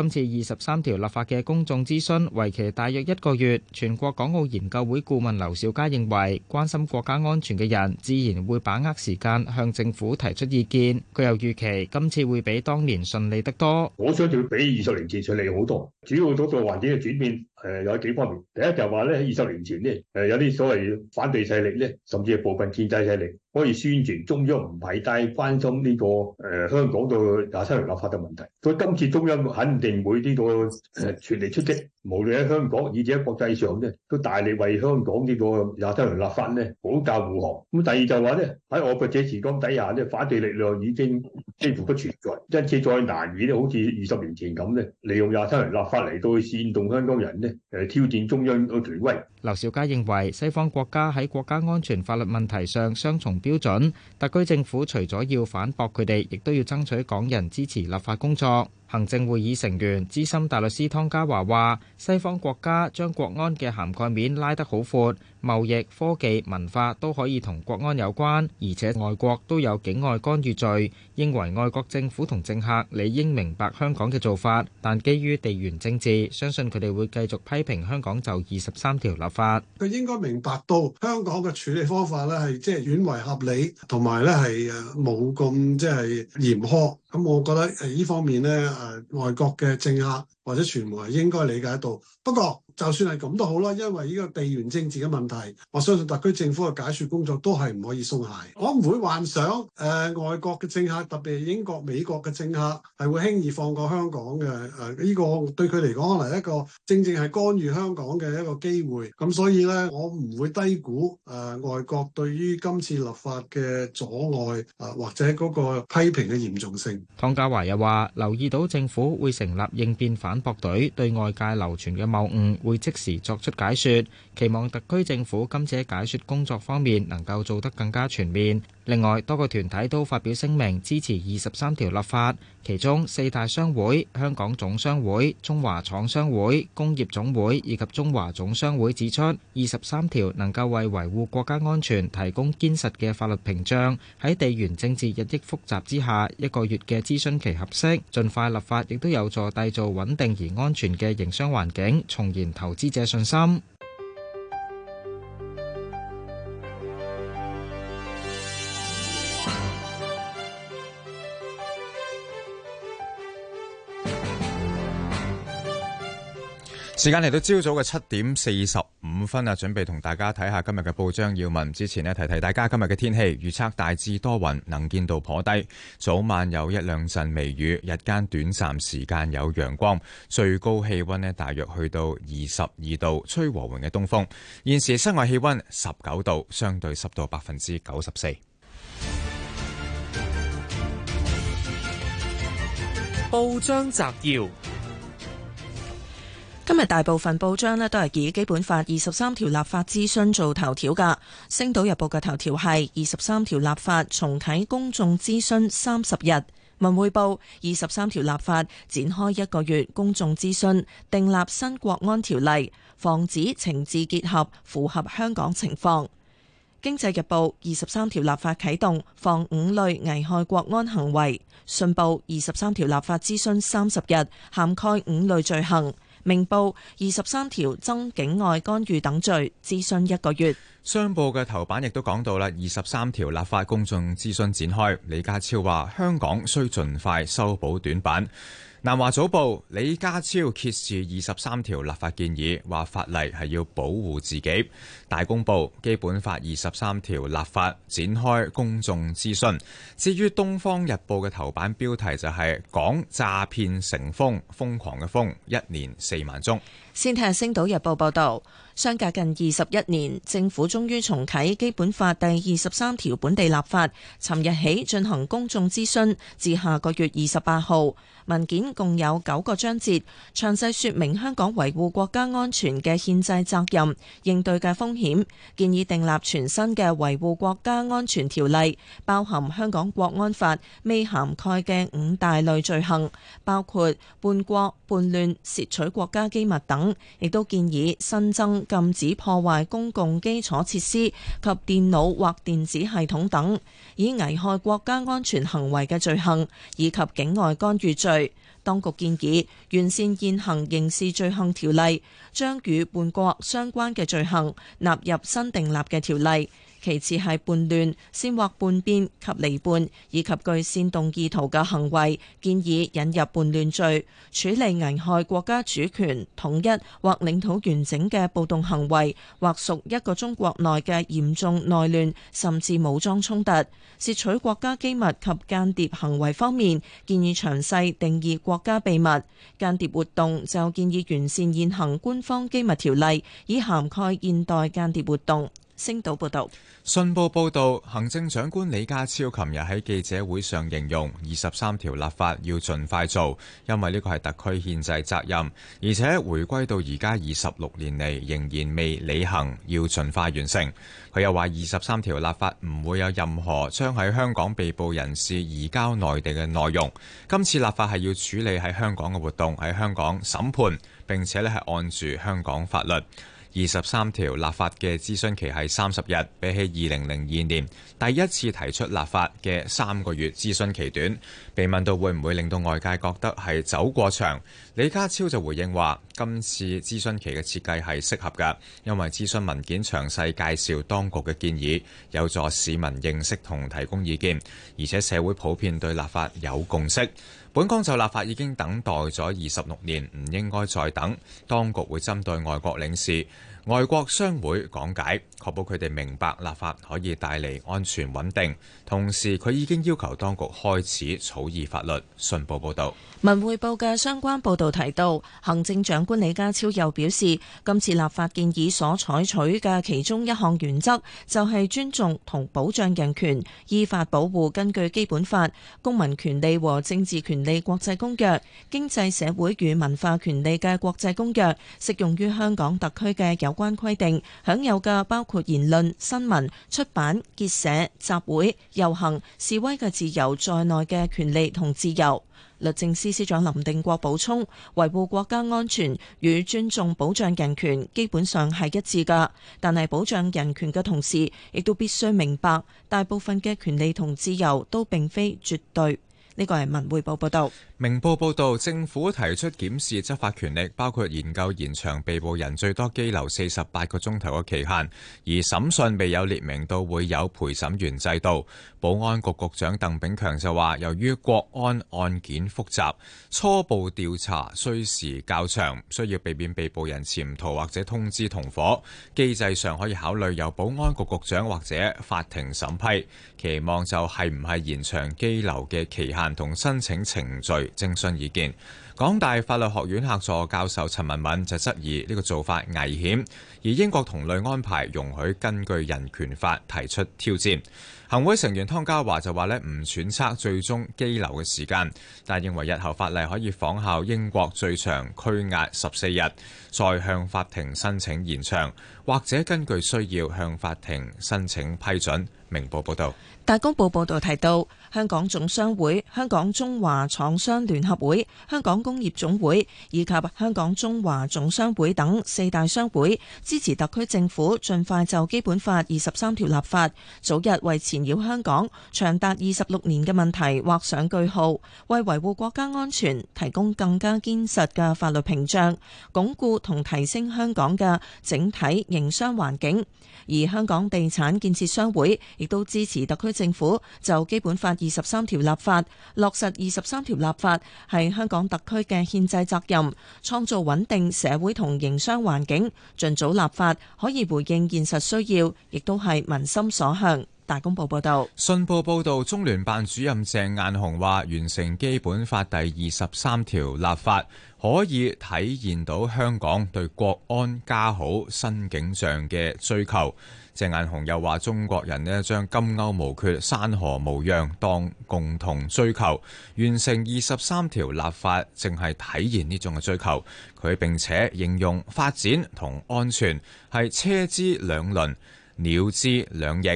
今次二十三條立法嘅公眾諮詢為期大約一個月。全國港澳研究會顧問劉兆佳認為關心國家安全嘅人自然會把握時間向政府提出意見，佢又預期今次會比當年順利得多。我想仲比二十年前順利好多，主要嗰個環境嘅轉變。誒有幾方面，第一就係話咧，二十年前呢，誒有啲所謂反對勢力咧，甚至係部分建制勢力可以宣傳中央唔係太關心呢個誒、呃、香港嘅廿三條立法嘅問題。所以今次中央肯定會呢、這個誒、呃、全力出擊，無論喺香港以至喺國際上咧，都大力為香港呢個廿三條立法咧保駕護航。咁第二就係話咧，喺我嘅這時光底下咧，反對力量已經幾乎不存在，因此再難以咧，好似二十年前咁咧，利用廿三條立法嚟到煽動香港人咧。誒挑戰中央嘅權威。劉兆佳認為，西方國家喺國家安全法律問題上雙重標準，特區政府除咗要反駁佢哋，亦都要爭取港人支持立法工作。行政會議成員資深大律師湯家驊話：西方國家將國安嘅涵蓋面拉得好闊，貿易、科技、文化都可以同國安有關，而且外國都有境外干預罪，認為外國政府同政客理應明白香港嘅做法，但基於地緣政治，相信佢哋會繼續批評香港就二十三條立法。佢應該明白到香港嘅處理方法咧，係即係遠為合理，同埋咧係誒冇咁即係嚴苛。咁、嗯、我覺得誒呢、呃、方面咧誒、呃、外國嘅政客，或者傳媒應該理解到，不過就算係咁都好啦，因為呢個地緣政治嘅問題，我相信特區政府嘅解説工作都係唔可以鬆懈。我唔會幻想誒外國嘅政客，特別係英國、美國嘅政客，係會輕易放過香港嘅，誒呢個對佢嚟講，可能一個正正係干預香港嘅一個機會。咁所以呢，我唔會低估誒外國對於今次立法嘅阻礙啊，或者嗰個批評嘅嚴重性。湯家驊又話：留意到政府會成立應變反。博隊對外界流傳嘅謬誤會即時作出解說，期望特區政府今次喺解說工作方面能夠做得更加全面。另外，多個團體都發表聲明支持《二十三條》立法，其中四大商會、香港總商會、中華廠商會、工業總會以及中華總商會指出，《二十三條》能夠為維護國家安全提供堅實嘅法律屏障。喺地緣政治日益複雜之下，一個月嘅諮詢期合適，盡快立法亦都有助締造穩定而安全嘅營商環境，重燃投資者信心。時間嚟到朝早嘅七點四十五分啊，準備同大家睇下今日嘅報章要聞。之前呢，提提大家今日嘅天氣預測，大致多雲，能見度頗低，早晚有一兩陣微雨，日間短暫時間有陽光，最高氣溫呢，大約去到二十二度，吹和緩嘅東風。現時室外氣溫十九度，相對濕度百分之九十四。報章摘要。今日大部分報章咧都係以《基本法》二十三條立法諮詢做頭條噶，《星島日報》嘅頭條係二十三條立法重啟公眾諮詢三十日，《文匯報》二十三條立法展開一個月公眾諮詢，訂立新國安條例，防止情治結合，符合香港情況，《經濟日報》二十三條立法啟動，防五類危害國安行為，《信報》二十三條立法諮詢三十日，涵蓋五類罪行。明報二十三條增境外干預等罪，諮詢一個月。商報嘅頭版亦都講到啦，二十三條立法公眾諮詢展開。李家超話，香港需盡快修補短板。南華早報李家超揭示二十三條立法建議，話法例係要保護自己。大公報基本法二十三條立法展開公眾諮詢。至於東方日報嘅頭版標題就係講詐騙成風，瘋狂嘅風，一年四萬宗。先睇下《星島日報》報道，相隔近二十一年，政府終於重啟基本法第二十三條本地立法，尋日起進行公眾諮詢，至下個月二十八號。文件共有九個章節，詳細說明香港維護國家安全嘅憲制責任、應對嘅風險，建議訂立全新嘅維護國家安全條例，包含香港國安法未涵蓋嘅五大類罪行，包括叛國、叛亂、竊取國家機密等，亦都建議新增禁止破壞公共基礎設施及電腦或電子系統等，以危害國家安全行為嘅罪行，以及境外干預罪。當局建議完善現行刑事罪行條例，將與叛國相關嘅罪行納入新訂立嘅條例。其次係叛亂煽惑，叛變及離叛，以及具煽動意圖嘅行為，建議引入叛亂罪，處理危害國家主權統一或領土完整嘅暴動行為，或屬一個中國內嘅嚴重內亂甚至武裝衝突。竊取國家機密及間諜行為方面，建議詳細定義國家秘密、間諜活動，就建議完善現行官方機密條例，以涵蓋現代間諜活動。星島報道，信報報道，行政長官李家超琴日喺記者會上形容，二十三條立法要盡快做，因為呢個係特區憲制責任，而且回歸到而家二十六年嚟仍然未履行，要盡快完成。佢又話，二十三條立法唔會有任何將喺香港被捕人士移交內地嘅內容。今次立法係要處理喺香港嘅活動，喺香港審判，並且呢係按住香港法律。二十三條立法嘅諮詢期係三十日，比起二零零二年第一次提出立法嘅三個月諮詢期短，被問到會唔會令到外界覺得係走過場，李家超就回應話：今次諮詢期嘅設計係適合嘅，因為諮詢文件詳細介紹當局嘅建議，有助市民認識同提供意見，而且社會普遍對立法有共識。本港就立法已經等待咗二十六年，唔應該再等。當局會針對外國領事。外國商會講解，確保佢哋明白立法可以帶嚟安全穩定。同時，佢已經要求當局開始草擬法律。信報報道，文匯報嘅相關報道提到，行政長官李家超又表示，今次立法建議所採取嘅其中一項原則就係尊重同保障人權，依法保護根據基本法、公民權利和政治權利國際公約、經濟、社會與文化權利嘅國際公約，適用於香港特區嘅有關關規定享有嘅，包括言論、新聞、出版、結社、集會、遊行、示威嘅自由在內嘅權利同自由。律政司司長林定國補充，維護國家安全與尊重保障人權基本上係一致嘅，但係保障人權嘅同時，亦都必須明白，大部分嘅權利同自由都並非絕對。呢個係文匯報報道。明報報導，政府提出檢視執法權力，包括研究延長被捕人最多拘留四十八個鐘頭嘅期限，而審訊未有列明到會有陪審員制度。保安局局長鄧炳強就話，由於國安案件複雜，初步調查需時較長，需要避免被捕人潛逃或者通知同伙。機制上可以考慮由保安局局長或者法庭審批。期望就係唔係延長拘留嘅期限同申請程序。徵詢意見，港大法律學院客座教授陳文敏就質疑呢個做法危險，而英國同類安排容許根據人權法提出挑戰。行會成員湯家驊就話咧唔揣測最終羈留嘅時間，但係認為日後法例可以仿效英國最長拘押十四日，再向法庭申請延長，或者根據需要向法庭申請批准。明報報道，大公報報道提到。香港總商會、香港中華廠商聯合會、香港工業總會以及香港中華總商會等四大商會支持特區政府盡快就《基本法》二十三條立法，早日為纏繞香港長達二十六年嘅問題畫上句號，為維護國家安全提供更加堅實嘅法律屏障，鞏固同提升香港嘅整體營商環境。而香港地產建設商會亦都支持特區政府就《基本法》二十三條立法落實二十三條立法係香港特區嘅憲制責任，創造穩定社會同營商環境，儘早立法可以回應現實需要，亦都係民心所向。大公報報道，信報報道中聯辦主任鄭雁雄話：完成基本法第二十三條立法可以體現到香港對國安家好新景象嘅追求。鄭雁雄又話：中國人呢將金甌無缺、山河無恙當共同追求，完成二十三條立法正係體現呢種嘅追求。佢並且形容發展同安全係車之兩輪、鳥之兩翼，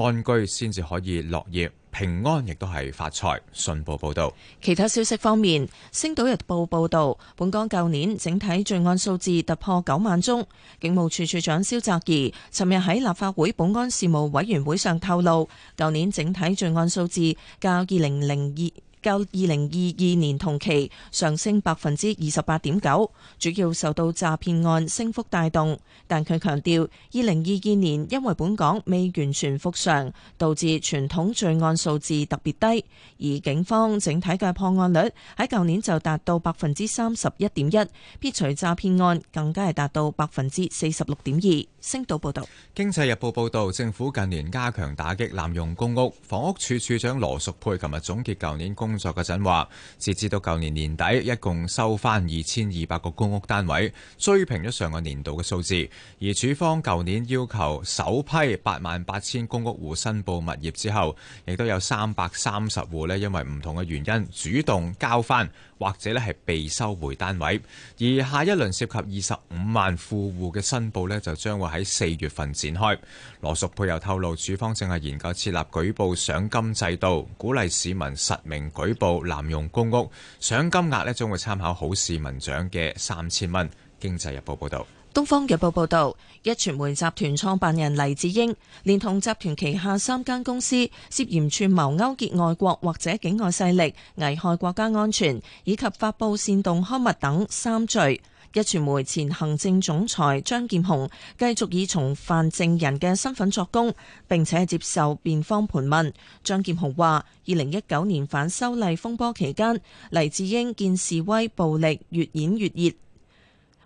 安居先至可以樂業。平安亦都係發財。信報報導，其他消息方面，《星島日報》報導，本港舊年整體罪案數字突破九萬宗。警務處處長蕭澤頤尋日喺立法會保安事務委員會上透露，舊年整體罪案數字較二零零二較二零二二年同期上升百分之二十八點九，主要受到詐騙案升幅帶動。但佢強調，二零二二年因為本港未完全復常，導致傳統罪案數字特別低。而警方整體嘅破案率喺舊年就達到百分之三十一點一，撇除詐騙案，更加係達到百分之四十六點二。星島報道，《經濟日報》報道，政府近年加強打擊濫用公屋。房屋署署長羅淑佩琴日總結舊年工作嘅陣話，截至到舊年年底，一共收翻，二千二百個公屋單位，追平咗上個年度嘅數字。而署方舊年要求首批八萬八千公屋戶申報物業之後，亦都有三百三十戶咧，因為唔同嘅原因，主動交翻，或者咧，係被收回單位，而下一輪涉及二十五萬富戶嘅申報呢，就將會喺四月份展開。羅淑佩又透露，署方正係研究設立舉報賞金制度，鼓勵市民實名舉報濫用公屋，賞金額呢，將會參考好市民獎嘅三千蚊。經濟日報報導。《東方日報》報導，壹傳媒集團創辦人黎智英連同集團旗下三間公司涉嫌串謀勾結外國或者境外勢力，危害國家安全，以及發布煽動刊物等三罪。壹傳媒前行政總裁張劍虹繼續以從犯證人嘅身份作供，並且接受辯方盤問。張劍虹話：二零一九年反修例風波期間，黎智英見示威暴力越演越熱。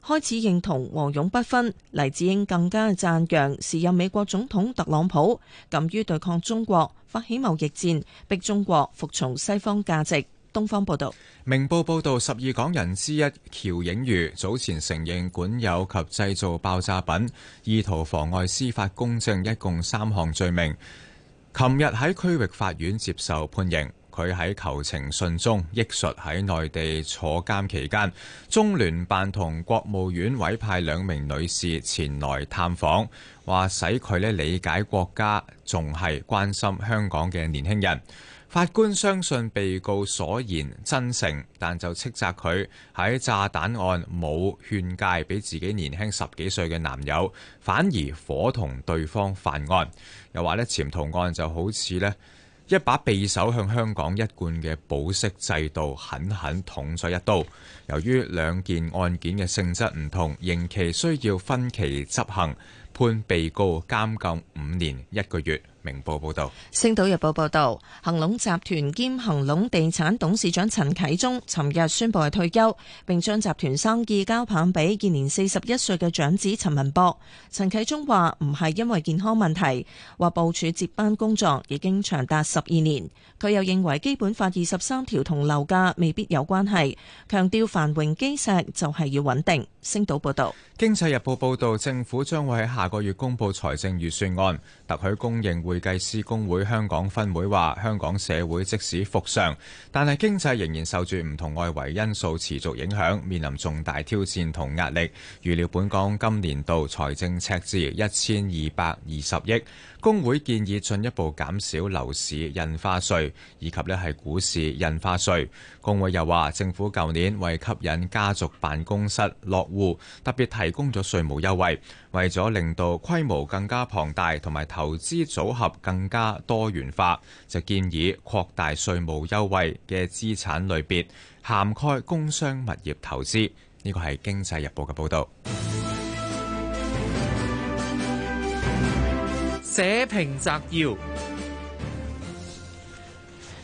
開始認同和勇不分，黎智英更加讚揚時任美國總統特朗普敢於對抗中國，發起貿易戰，逼中國服從西方價值。東方報道，明報報道，十二港人之一喬映瑜早前承認管有及製造爆炸品，意圖妨礙司法公正，一共三項罪名。琴日喺區域法院接受判刑。佢喺求情信中，憶述喺內地坐監期間，中聯辦同國務院委派兩名女士前來探訪，話使佢咧理解國家，仲係關心香港嘅年輕人。法官相信被告所言真誠，但就斥責佢喺炸彈案冇勸戒俾自己年輕十幾歲嘅男友，反而伙同對方犯案，又話咧潛逃案就好似咧。一把匕首向香港一貫嘅保釋制度狠狠捅咗一刀。由於兩件案件嘅性質唔同，刑期需要分期執行，判被告監禁五年一個月。明報報道，星島日報報道，恒隆集團兼恒隆地產董事長陳啓宗，尋日宣布退休，並將集團生意交棒俾現年四十一歲嘅長子陳文博。陳啓宗話唔係因為健康問題，話部署接班工作已經長達十二年。佢又認為基本法二十三條同樓價未必有關係，強調繁榮基石就係要穩定。星島報道，經濟日報報道，政府將會喺下個月公布財政預算案。特許公認會計師工會香港分會話，香港社會即使復常，但係經濟仍然受住唔同外圍因素持續影響，面臨重大挑戰同壓力。預料本港今年度財政赤字一千二百二十億。工會建議進一步減少樓市印花稅以及咧係股市印花稅。工會又話，政府舊年為吸引家族辦公室落戶，特別提供咗稅務優惠，為咗令到規模更加龐大同埋投資組合更加多元化，就建議擴大稅務優惠嘅資產類別，涵蓋工商物業投資。呢個係《經濟日報》嘅報道。寫評摘要。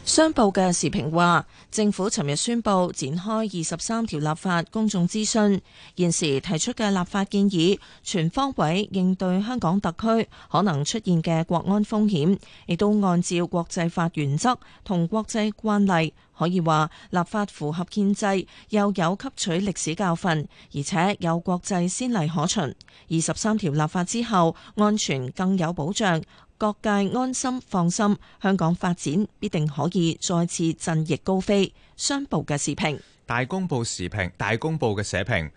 商報嘅時評話，政府尋日宣布展開二十三條立法公眾諮詢，現時提出嘅立法建議全方位應對香港特區可能出現嘅國安風險，亦都按照國際法原則同國際慣例，可以話立法符合憲制，又有吸取歷史教訓，而且有國際先例可循。二十三條立法之後，安全更有保障。各界安心放心，香港發展必定可以再次振翼高飛。商報嘅時評，大公報時評，大公報嘅社評。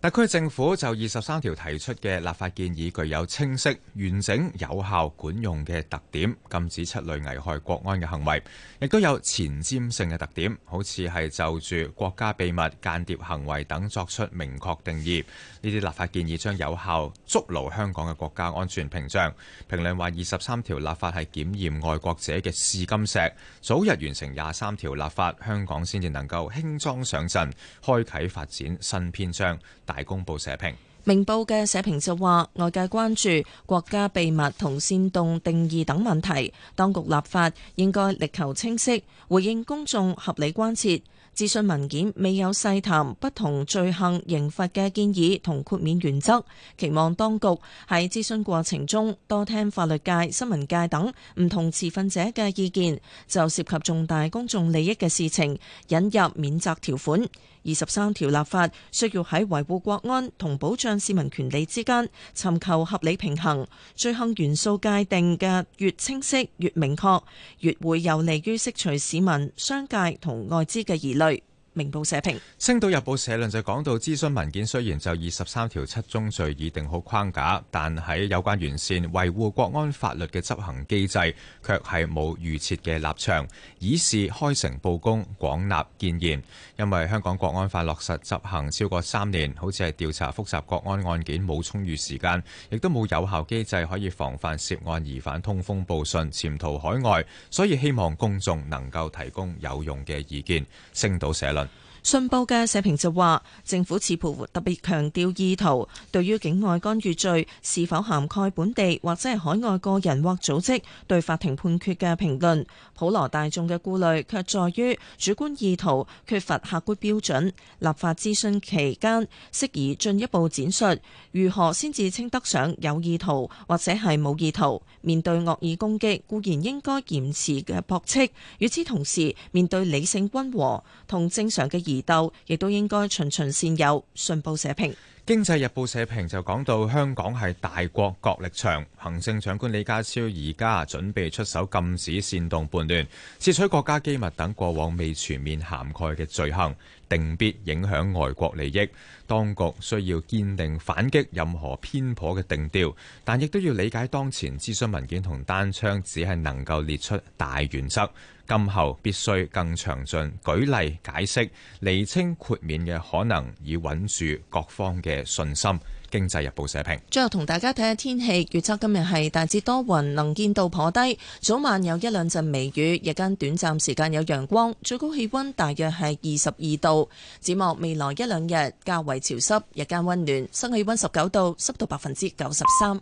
特區政府就二十三條提出嘅立法建議具有清晰、完整、有效、管用嘅特點，禁止七類危害國安嘅行為，亦都有前瞻性嘅特點，好似係就住國家秘密、間諜行為等作出明確定義。呢啲立法建議將有效築牢香港嘅國家安全屏障。評論話二十三條立法係檢驗愛國者嘅試金石，早日完成廿三條立法，香港先至能夠輕裝上陣，開啟發展新篇章。大公報社評，明報嘅社評就話：外界關注國家秘密同煽動定義等問題，當局立法應該力求清晰，回應公眾合理關切。諮詢文件未有細談不同罪行刑罰嘅建議同豁免原則，期望當局喺諮詢過程中多聽法律界、新聞界等唔同持份者嘅意見，就涉及重大公眾利益嘅事情引入免責條款。二十三條立法需要喺維護國安同保障市民權利之間尋求合理平衡，罪行元素界定嘅越清晰越明確，越會有利於釋除市民、商界同外資嘅疑慮。明報社評，《星島日報》社論就講到，諮詢文件雖然就二十三條七宗罪已定好框架，但喺有關完善維護國安法律嘅執行機制，卻係冇預設嘅立場，以示開誠布公，廣納建言。因為香港國安法落實執行超過三年，好似係調查複雜國安案件冇充裕時間，亦都冇有效機制可以防範涉案疑犯通風報信、潛逃海外，所以希望公眾能夠提供有用嘅意見。星島社論。信報嘅社評就話，政府似乎特別強調意圖，對於境外干預罪是否涵蓋本地或者係海外個人或組織，對法庭判決嘅評論。普羅大眾嘅顧慮卻在於主觀意圖缺乏客觀標準。立法諮詢期間，適宜進一步展述如何先至稱得上有意圖或者係冇意圖。面對惡意攻擊固然應該嚴持嘅駁斥，與此同時面對理性溫和同正常嘅疑。亦都應該循循善誘。信報社評。《經濟日報》社評就講到香港係大國角力場，行政長官李家超而家準備出手禁止煽動叛亂、竊取國家機密等過往未全面涵蓋嘅罪行，定必影響外國利益。當局需要堅定反擊任何偏頗嘅定調，但亦都要理解當前諮詢文件同單槍只係能夠列出大原則。今後必須更詳盡、舉例解釋、釐清豁免嘅可能，以穩住各方嘅信心。經濟日報社評。最後同大家睇下天氣預測，今日係大致多雲，能見度頗低，早晚有一兩陣微雨，日間短暫時間有陽光，最高氣温大約係二十二度。展望未來一兩日較為潮濕，日間温暖，室氣温十九度，濕度百分之九十三。